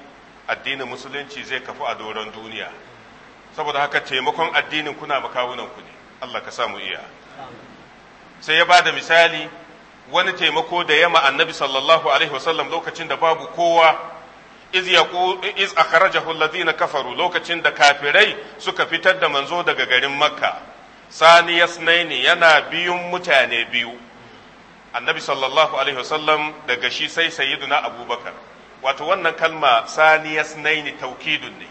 addinin musulunci zai kafu a doron duniya saboda haka taimakon addinin kuna makawunan ku ne Allah ka samu iya sai ya bada misali wani taimako da yama annabi sallallahu alaihi wasallam lokacin da babu kowa iz yaqul iz akhrajahu alladhina kafaru lokacin da kafirai suka fitar da manzo daga garin makka sani yasnaini yana biyun mutane biyu annabi sallallahu alaihi wasallam daga shi sai sayyiduna abubakar wato wannan kalma saniyas naini taukidun ne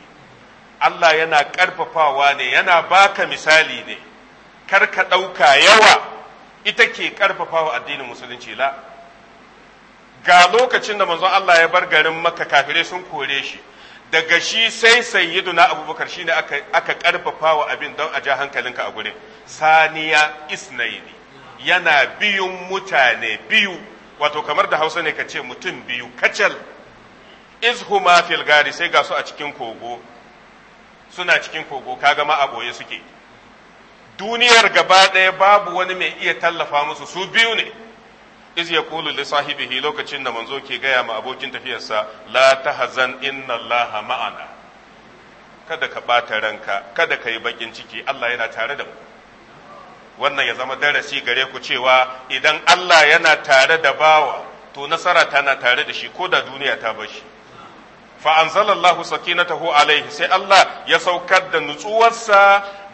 Allah yana ƙarfafawa ne yana baka misali ne kar ka ɗauka yawa ita ke ƙarfafawa addinin musulunci la ga lokacin da manzon Allah ya bar garin maka kafirai sun kore shi daga shi sai sayyiduna abubakar shine aka aka ƙarfafawa abin don a ja hankalinka a gurin saniya isnaini yana biyun mutane biyu wato kamar da hausa ne ka ce mutum biyu kacal izhuma fil gari sai ga su a cikin kogo suna cikin kogo kaga ma a boye suke duniyar gaba ɗaya babu wani mai iya tallafa musu su biyu ne iz ya kulu li sahibihi lokacin da manzo ke gaya ma abokin tafiyarsa la tahzan inna allaha ma'ana kada ka bata ranka kada ka yi bakin ciki Allah yana tare da mu wannan ya zama darasi gare ku cewa idan Allah yana tare da bawa to nasara tana tare da shi ko da duniya ta bashi shi fa anzalallahu sakinatahu alaihi sai Allah ya saukar da nutsuwarsa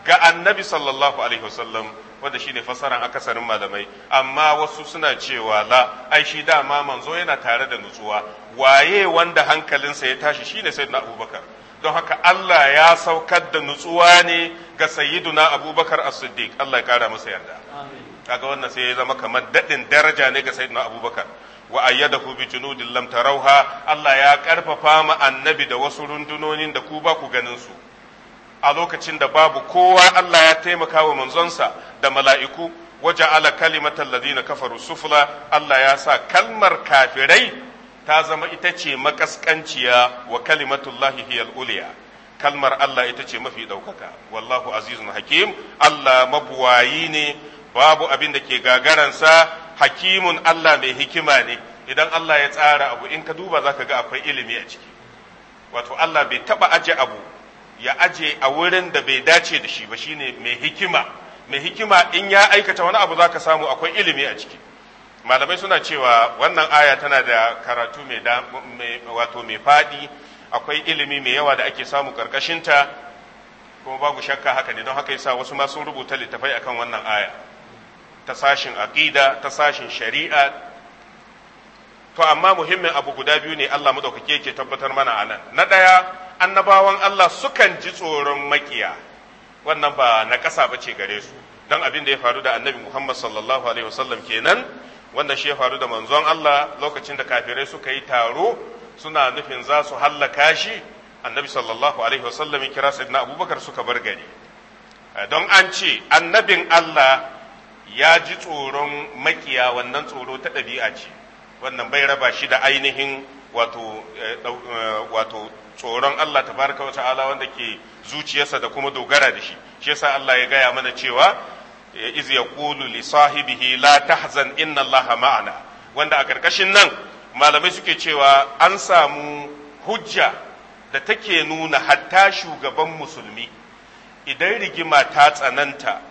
ga annabi sallallahu alaihi wasallam wanda shine fasaran akasarin malamai amma wasu suna cewa la ai shi dama manzo yana tare da nutsuwa waye wanda hankalinsa ya tashi shine sayyidina abubakar don haka Allah ya saukar da nutsuwa ne ga sayyiduna abubakar as-siddiq Allah ya kara masa yarda kaga wannan sai ya zama kamar dadin daraja ne ga sayyiduna abubakar wa ayyadahu bi junudin lam tarauha Allah ya karfafa ma annabi da wasu rundunonin da ku ba ku ganin su a lokacin da babu kowa Allah ya taimaka wa manzonsa da mala'iku waje ala kalimatar ladina kafaru sufula Allah ya sa kalmar kafirai ta zama ita ce makaskanciya wa kalimatullahi hiyal uliya kalmar Allah ita ce mafi ɗaukaka wallahu azizun hakim Allah mabuwayi ne babu abin da ke gagaransa hakimun Allah mai hikima ne idan Allah ya tsara abu in ka duba za ka ga akwai ilimi a ciki wato Allah bai taba aje abu ya aje a wurin da bai dace da shi ba shine mai hikima mai hikima in ya aikata wani abu za ka samu akwai ilimi a ciki malamai suna cewa wannan aya tana da karatu mai wato mai faɗi akwai ilimi mai yawa da ake samu ƙarƙashinta kuma babu shakka haka ne don haka yasa wasu ma sun rubuta littafai akan wannan aya ta sashin aqida ta sashin shari'a to amma muhimmin abu guda biyu ne Allah madaukake yake tabbatar mana a nan na ɗaya annabawan Allah sukan ji tsoron makiya wannan ba na ƙasa bace gare su don abin da ya faru da annabi Muhammad sallallahu alaihi wasallam kenan wanda shi ya faru da manzon Allah lokacin da kafirai suka yi taro suna nufin za su hallaka shi annabi sallallahu alaihi wasallam ya kira sayyidina abubakar suka bar gari don an ce annabin Allah ya ji tsoron makiya wannan tsoro ta ɗabi'a ce wannan bai raba shi da ainihin wato eh, eh, tsoron Allah tabaraka wa ta'ala wanda ke zuciyarsa da kuma dogara da shi shi yasa Allah ya gaya mana cewa ya yaqulu li sahibihi la tahzan inna allaha ma'ana wanda a karkashin nan malamai suke cewa an samu hujja da take nuna hatta shugaban musulmi idan rigima ta tsananta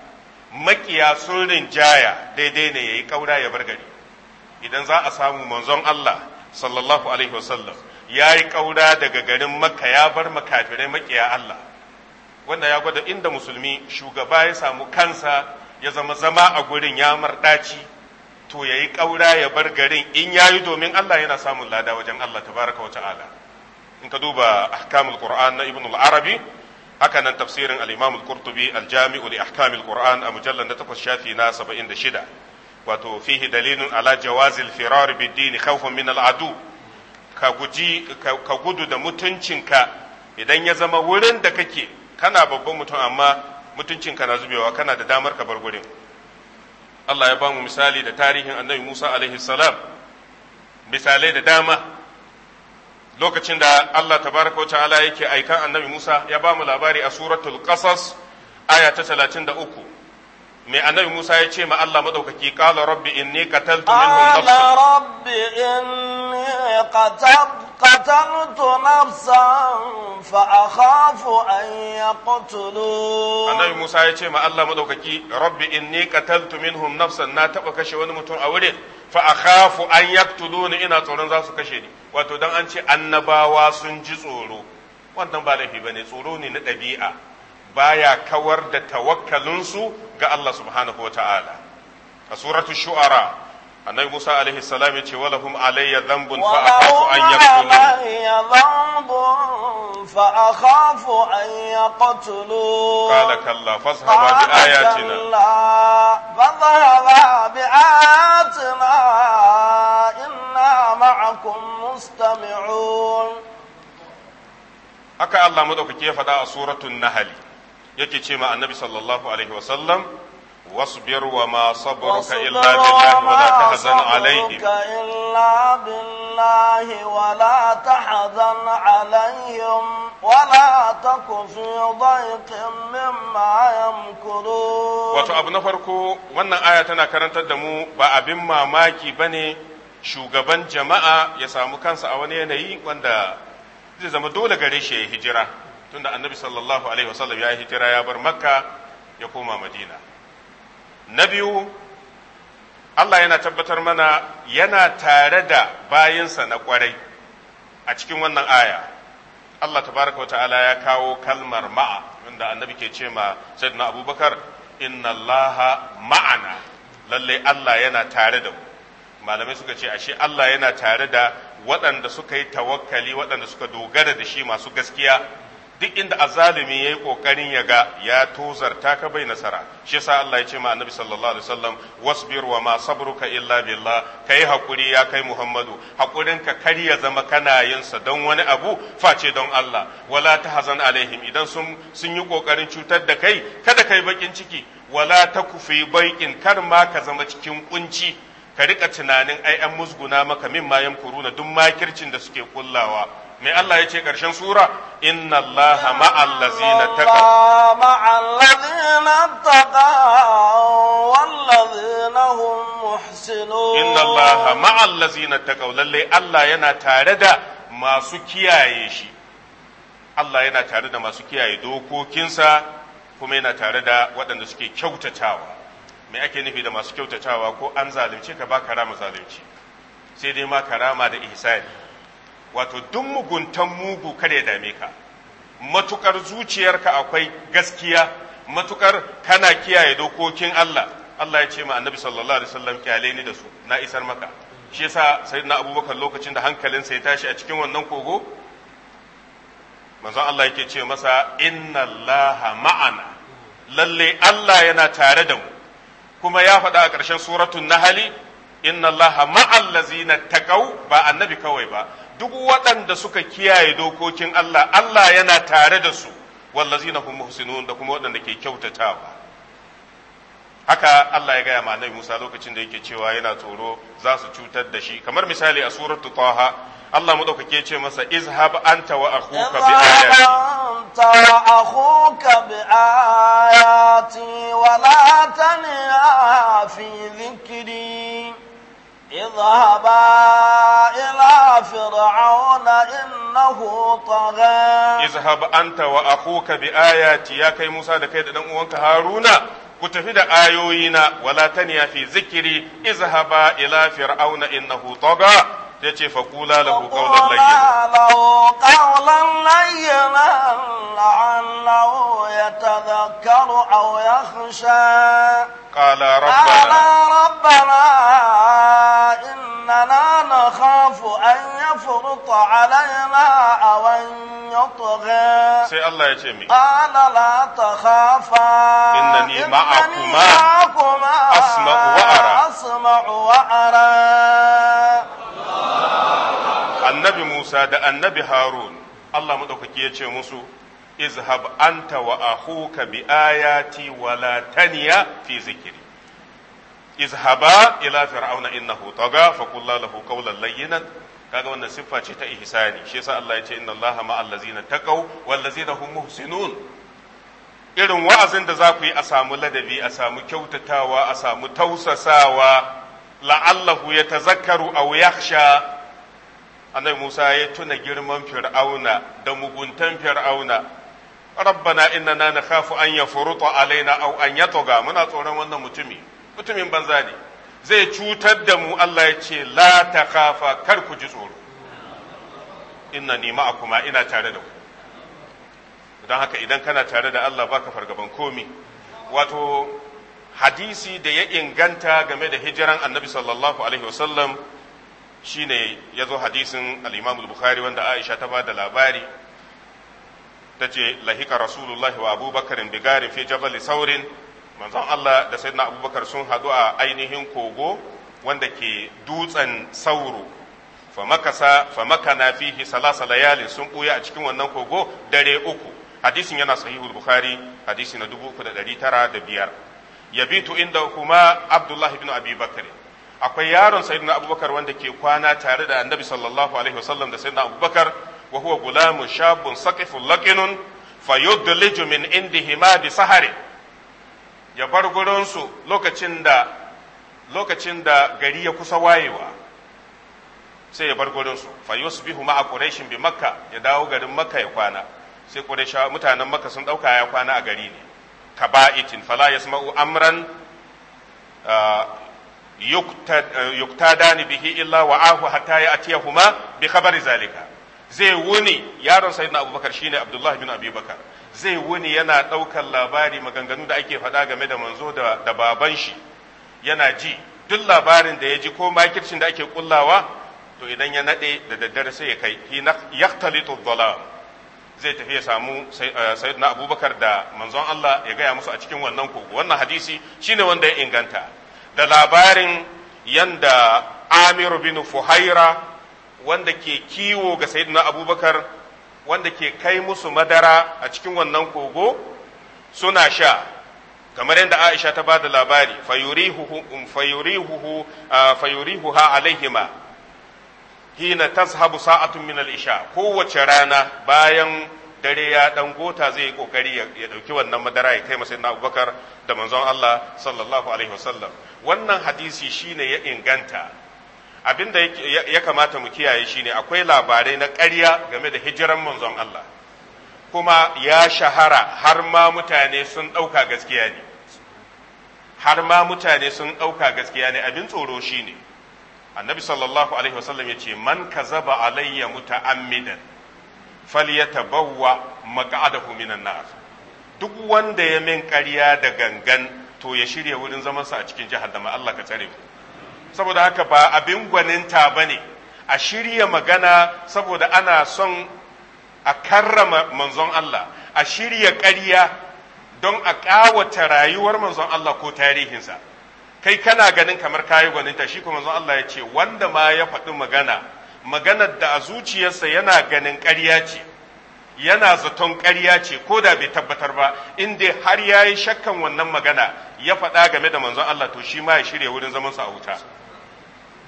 makiya sun rinjaya daidai ne yayi kaura ya bar gari idan za a samu manzon Allah sallallahu alaihi wasallam ya yi ƙaura daga garin maka ya bar makafirai makiya Allah wanda ya gwada inda musulmi shugaba ya samu kansa ya zama zama a gurin ya marɗaci to ya yi ƙaura ya bar garin in ya yi domin Allah yana samun lada wajen Allah baraka wa ta'ala in ka duba ahkamul qur'an na ibn al-arabi haka nan tafsirin al-imam al-qurtubi al-jami'u li ahkamil qur'an a mujallal na 8 shafi na 76 wato fihi dalilun ala jawazil firar bid-din khawfan min al-adu ka guji ka gudu da mutuncinka idan ya zama wurin da kake kana babban mutum amma mutuncinka na zubewa kana da damar ka bar gurin Allah ya bamu mu misali da tarihin annabi Musa alaihi salam misalai da dama lokacin da Allah tabaraka wa ta'ala yake aikan annabi Musa ya bamu mu labari a suratul qasas aya ta 33 mai annabi Musa ya ce ma Allah madaukaki qala rabbi inni qataltu minhum nafsan rabbi inni qataltu قتلت نفسا فأخاف أن يقتلون النبي موسى يقول ما الله مدوككي ربي إني قتلت منهم نفسا ناتبا كشي ونمتون أولين فأخاف أن يقتلون إنا تورن ذاسو كشيني واتو دان أنتي أنباوا سنجي tsoro wannan ba laifi bane tsoro ne na ɗabi'a baya kawar da tawakkalinsu ga Allah subhanahu wa ta'ala a suratu shu'ara annabi Musa alaihi salam ya ce walahum alayya dhanbun fa akhafu an yaqtulu fa akhafu an yaqtulu qala kalla fashaba bi ayatina fadhhaba bi ayatina inna ma'akum mustami'un haka Allah madaukake ya faɗa a suratul nahl yake ce ma annabi sallallahu alaihi sallam. واصبر وما صبرك إلا بالله ولا تحزن عليهم إلا بالله ولا تحزن عليهم ولا تك في ضيق مما يمكرون wato abu na farko wannan aya tana karantar da mu ba abin mamaki bane shugaban jama'a ya samu kansa a wani yanayi wanda zai zama dole gare shi ya hijira tunda annabi sallallahu alaihi wasallam ya hijira ya bar makka ya koma madina na biyu Allah yana tabbatar mana yana tare da bayinsa na kwarai a cikin wannan aya Allah tabaraka wa ta'ala ya kawo kalmar ma'a wanda annabi ke ce ma sayyidina abubakar inna allaha ma'ana lalle Allah yana tare da mu malamai suka ce ashe Allah yana tare da waɗanda suka yi tawakkali waɗanda suka dogara da shi masu gaskiya duk inda azalimi yi kokarin ya ga ya tozarta ka bai nasara shi sa Allah ya ce ma annabi sallallahu alaihi wasallam wasbir wa ma sabruka illa billah kai hakuri ya kai Muhammadu hakurin ka kar ya zama kana yin sa don wani abu face don Allah wala ta tahzan alaihim idan sun sun yi ƙoƙarin cutar da kai kada kai bakin ciki wala takufi baikin kar ma ka zama cikin kunci ka rika tunanin ai an musguna maka min ma yamkuruna duk makircin da suke kullawa mai Allah ya ce ƙarshen sura inna Allah ma'allazina taqaw ma'allazina taqaw wallazina hum muhsinun inna Allah ma'allazina taqaw lalle Allah yana tare da masu kiyaye shi Allah yana tare da masu kiyaye dokokinsa kuma yana tare da waɗanda suke kyautatawa me ake nufi da masu kyautatawa ko an zalunce ka ba karama zalunci sai dai ma karama da ihsani wato duk muguntan mugu kada ya dame ka matukar zuciyarka akwai gaskiya matukar kana kiyaye dokokin Allah Allah ya ce ma annabi sallallahu alaihi wasallam kyale ni da su na isar maka shi yasa sayyidina abubakar lokacin da hankalinsa ya tashi a cikin wannan kogo manzon Allah yake ce masa inna ma'ana lalle Allah yana tare da mu kuma ya faɗa a ƙarshen suratul nahali inna allaha ma'al ladzina taqaw ba annabi kawai ba duk waɗanda suka kiyaye dokokin Allah Allah yana tare da su wallazina hum muhsinun da kuma waɗanda ke kyautatawa haka Allah ya gaya ma Annabi Musa lokacin da yake cewa yana tsoro za su cutar da shi kamar misali a suratu Taha Allah mu madaukake ce masa izhab anta wa akhuka bi anta wa akhuka bi ayati wa la fi dhikri اذهبا إلى فرعون إنه طغى اذهب أنت وأخوك بآياتي يا كي موسى دكي دان uwanka هارون ku tafi da ayoyina wala taniya fi zikiri izhaba ila fir'auna innahu sai ce faƙula lahu qawlan layyina la'allahu yatadhakkaru aw yakhsha qala rabbana qala rabbana innana nakhafu an yafruta alaina aw an yutgha sai Allah ya ce mi qala la takhafa innani ma'akuma asma'u wa ara asma'u wa ara annabi Musa da annabi Harun Allah maɗaukaki ya ce musu izhab anta wa ahuka bi ayati wa la taniya fi zikiri izhaba ila fir'auna innahu taga fa qul lahu qawlan layyinan kaga wannan siffa ce ta ihsani shi yasa Allah ya ce inna Allaha ma'al ladzina taqaw wal ladzina hum muhsinun irin wa'azin da za ku yi a samu ladabi a samu kyautatawa a samu tausasawa la'allahu ya tazakkaru a yakhsha annabi Musa ya tuna girman fir'auna da muguntan fir'auna rabbana innana nakhafu an ya furuta alaina aw an yatgha muna tsoron wannan mutumi mutumin banza ne zai cutar da mu Allah ya ce la takhafa kar ku ji tsoro inna ni ma'akuma ina tare da ku don haka idan kana tare da Allah baka fargaban komi wato hadisi da ya inganta game da hijiran annabi sallallahu alaihi wasallam shine ya zo hadisin al-imam bukhari wanda aisha ta ba da labari ta ce lahika rasulullahi wa abubakar bigarin fi jabal saurin manzon allah da sayyidina abubakar sun hadu a ainihin kogo wanda ke dutsen sauro famakasa famakana fihi salasa layalin sun buya a cikin wannan kogo dare uku hadisin yana sahihul bukhari hadisi na biyar. Ya yabitu inda kuma Abdullahi ibn abi bakari akwai yaron sayyidina abubakar wanda ke kwana tare da annabi sallallahu alaihi wasallam da sayyidina abubakar wa huwa gulamu shabun saqifun laqinun fayudliju min ma bi sahari ya bar su lokacin da lokacin da gari ya kusa wayewa sai ya bar su fayusbihu ma quraishin bi makka ya dawo garin makka ya kwana sai quraisha mutanen makka sun dauka ya kwana a gari ne kaba'itin fala yasma'u amran uh, yuktadani uh, bihi illa wa'ahu hatta ya'tiyahuma bi khabari zalika zai wuni yaron sayyidina abubakar shine abdullahi bin abubakar zai wuni yana ɗaukar labari maganganu da ake faɗa game da manzo da baban shi yana ji duk labarin da ya ji ko makircin da ake kulawa to idan ya naɗe da daddare sai ya kai yaktalitu dhalam zai tafi ya samu eh, sayyidina abubakar da manzon Allah ya gaya musu a cikin wannan kogo wannan hadisi shine wanda ya inganta da labarin yanda amir bin fuhaira wanda ke kiwo ga sayyidina abubakar wanda ke kai musu madara a cikin wannan kogo suna sha kamar yadda aisha ta ba da labari eh, ha alaihima hina tazhabu sa'atun min al-isha kowace rana bayan dare ya dan gota zai yi kokari ya dauki wannan madara ya kai masa na Abubakar da manzon Allah sallallahu alaihi wasallam wannan hadisi shine ya inganta abinda ya kamata mu kiyaye shine akwai labarai na ƙarya game da hijiran manzon Allah kuma ya shahara har ma mutane sun ɗauka gaskiya ne har ma mutane sun ɗauka gaskiya ne abin tsoro shine annabi sallallahu alaihi wasallam yace man kazaba alayya muta'ammidan falyatabawwa maq'adahu minan nar duk wanda ya min ƙarya da gangan to ya shirya wurin zamansa a cikin da Allah ka tsare mu saboda haka ba abin gwaninta ba ne a shirya magana saboda ana son a karrama manzon Allah a shirya ƙarya don a ƙawata rayuwar manzon Allah ko tarihinsa kai kana ganin kamar kayi gwaninta shi kuma zan Allah ya ce wanda ma ya faɗi magana maganar da a zuciyarsa yana ganin ƙarya ce yana zaton ƙarya ce ko da bai tabbatar ba in dai har ya yi shakkan wannan magana ya faɗa game da manzon Allah to shi ma ya shirya wurin zamansa a wuta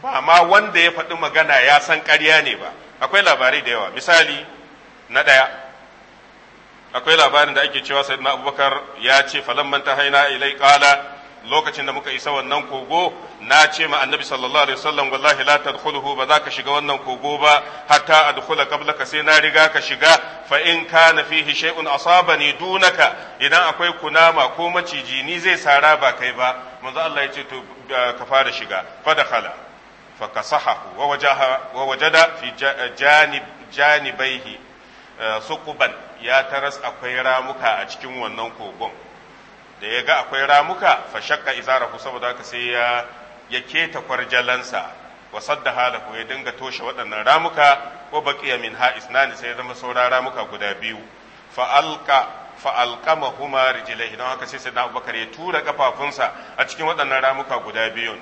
ba ma wanda ya faɗi magana ya san ƙarya ne ba akwai labarai da yawa misali na ɗaya akwai labarin da ake cewa sayyidina abubakar ya ce falamman ta haina ilai kala. lokacin da muka isa wannan kogo na ce ma annabi sallallahu alaihi wasallam wallahi la tadkhuluhu ba za ka shiga wannan kogo ba hatta adkhula qablaka sai na riga ka shiga fa in kana fihi shay'un asabani dunaka idan akwai kunama ko maciji ni zai sara ba kai ba manzo Allah ya ce to ka fara shiga fa dakhala fa kasahahu wa wajaha wa wajada fi janib janibaihi eh, suquban ya taras akwai ramuka a cikin wannan kogon da ya ga akwai ramuka fa shakka izarahu saboda haka sai ya ya keta kwarjalansa wa sadda halahu ya dinga toshe waɗannan ramuka ko baqiya min ha isnani sai ya zama saura ramuka guda biyu fa alqa fa alqama huma rijlaihi don haka sai sayyidina Abubakar ya tura kafafunsa a cikin waɗannan ramuka guda biyun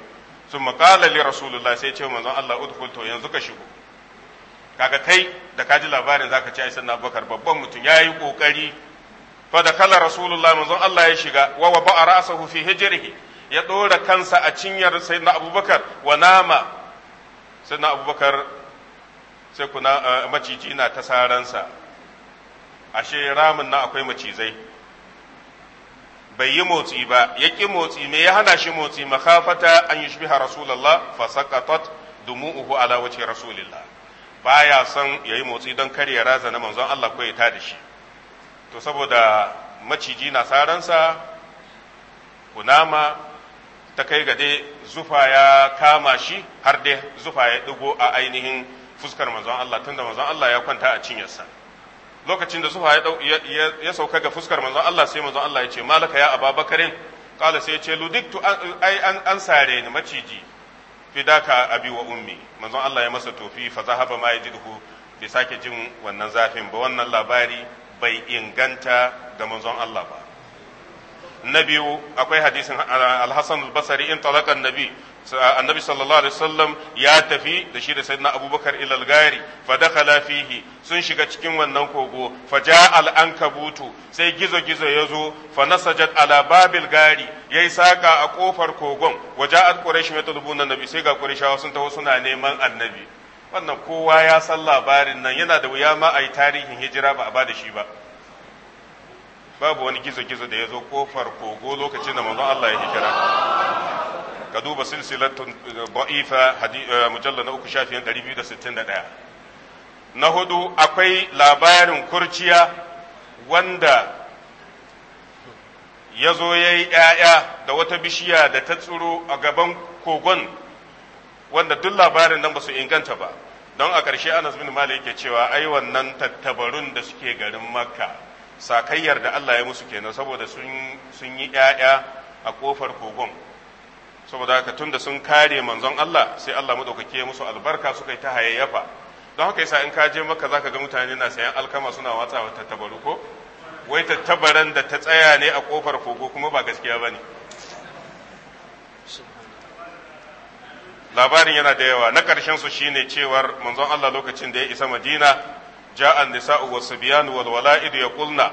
sun qala li rasulullah sai ya ce manzon Allah udkhul to yanzu ka shigo kaga kai da kaji labarin zaka ce ai sayyidina Abubakar babban mutum yayi kokari fa da kala rasulullah manzon Allah ya shiga wa wa ba'a ra'sahu fi hijrihi ya dora kansa a cinyar sayyidina abubakar wa nama sayyidina abubakar sai na ta saransa ashe ramin na akwai macizai bai yi motsi ba ya ƙi motsi me ya hana shi motsi makafata an yi shbiha rasulullah fa saqatat dumu'uhu ala wajhi rasulillah baya son yi motsi don karya ya razana manzon Allah ko ya tada shi to saboda maciji na saransa kunama ta kai ga dai zufa ya kama shi har dai zufa ya ɗigo a ainihin fuskar manzon Allah tunda manzon Allah ya kwanta a cinyarsa lokacin da zufa ya sauka ga fuskar manzon Allah sai manzon Allah ya ce malaka ya ababakarin kala sai ya ce ludiktu ai an sare ni maciji fidaka abi wa ummi manzon Allah ya masa tofi fa zahaba ma yajidhu bi sake jin wannan zafin ba wannan labari bai inganta da manzon Allah ba na biyu akwai hadisin uh, alhassan albasari in talakan nabi annabi sallallahu alaihi wasallam ya tafi da shi da sayyidina abubakar ilal gari fa dakhala fihi sun shiga cikin wannan kogo fa al ankabutu sai gizo gizo zo fa nasajat ala babil gari yayi saka a kofar kogon wa ja'at quraish yatlubuna nabi sai ga qurayshawa sun taho suna neman annabi wannan kowa ya san labarin nan yana da wuya ma a yi tarihin hijira ba a ba da shi ba babu wani gizo-gizo da ya zo kofar kogo lokacin da manzon Allah ya hijira ka duba silsilar ba'ifa eh, eh, mujalla na uku shafiyan 261 na hudu akwai labarin kurciya wanda ya zo ya yi ‘ya'ya da wata bishiya da ta tsiro a gaban kogon wanda duk labarin nan ba su inganta ba don a ƙarshe anas bin malik yake cewa ai wannan tattabarun da suke garin makka sakayyar da allah ya musu kenan saboda sun yi ƴaƴa a ƙofar kogon saboda haka tun da sun kare manzon allah sai allah maɗaukaki ya musu albarka suka yi ta hayayyafa don haka yasa in ka je makka zaka ga mutane na sayan alkama suna watsawa tattabaru ko wai tattabaran da ta tsaya ne a ƙofar kogo kuma ba gaskiya ba ne labarin yana da yawa na ƙarshen su shine cewar manzon Allah lokacin da ya isa Madina ja'an nisa'u was walwala wal wala'id yaqulna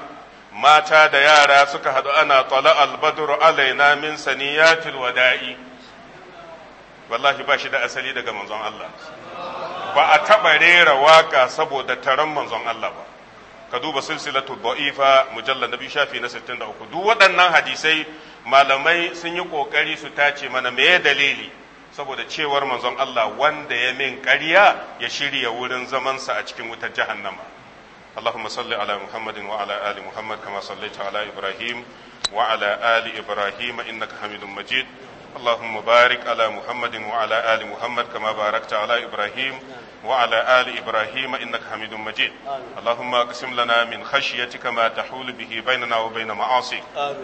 mata da yara suka hadu ana tala al badr alaina min saniyatil wada'i wallahi ba shi da asali daga manzon Allah ba a taba rera waka saboda taron manzon Allah ba ka duba silsilatu da'ifa mujallal nabi shafi na 63 duk waɗannan hadisai malamai sun yi kokari su tace mana meye dalili saboda cewar manzon Allah wanda ya min karya ya shirya wurin zamansa a cikin wutar jahannama. Allahumma salli ala Muhammadin wa ala ali Muhammad kama ala Ibrahim wa ala ali Ibrahim Majid. Allahumma barik ala Muhammadin wa ala ali Muhammad kama barakta ala Ibrahim. وعلى آل إبراهيم إنك حميد مجيد اللهم اقسم لنا من خشيتك ما تحول به بيننا وبين معاصيك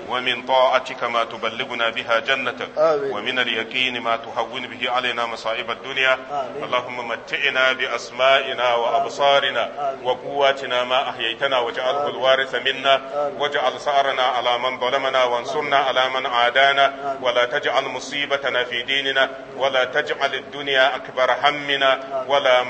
ومن طاعتك ما تبلغنا بها جنتك ومن اليقين ما تهون به علينا مصائب الدنيا اللهم متعنا بأسمائنا وأبصارنا وقواتنا ما أحييتنا واجعله الوارث منا واجعل سأرنا على من ظلمنا وانصرنا على من عادانا ولا تجعل مصيبتنا في ديننا ولا تجعل الدنيا أكبر همنا ولا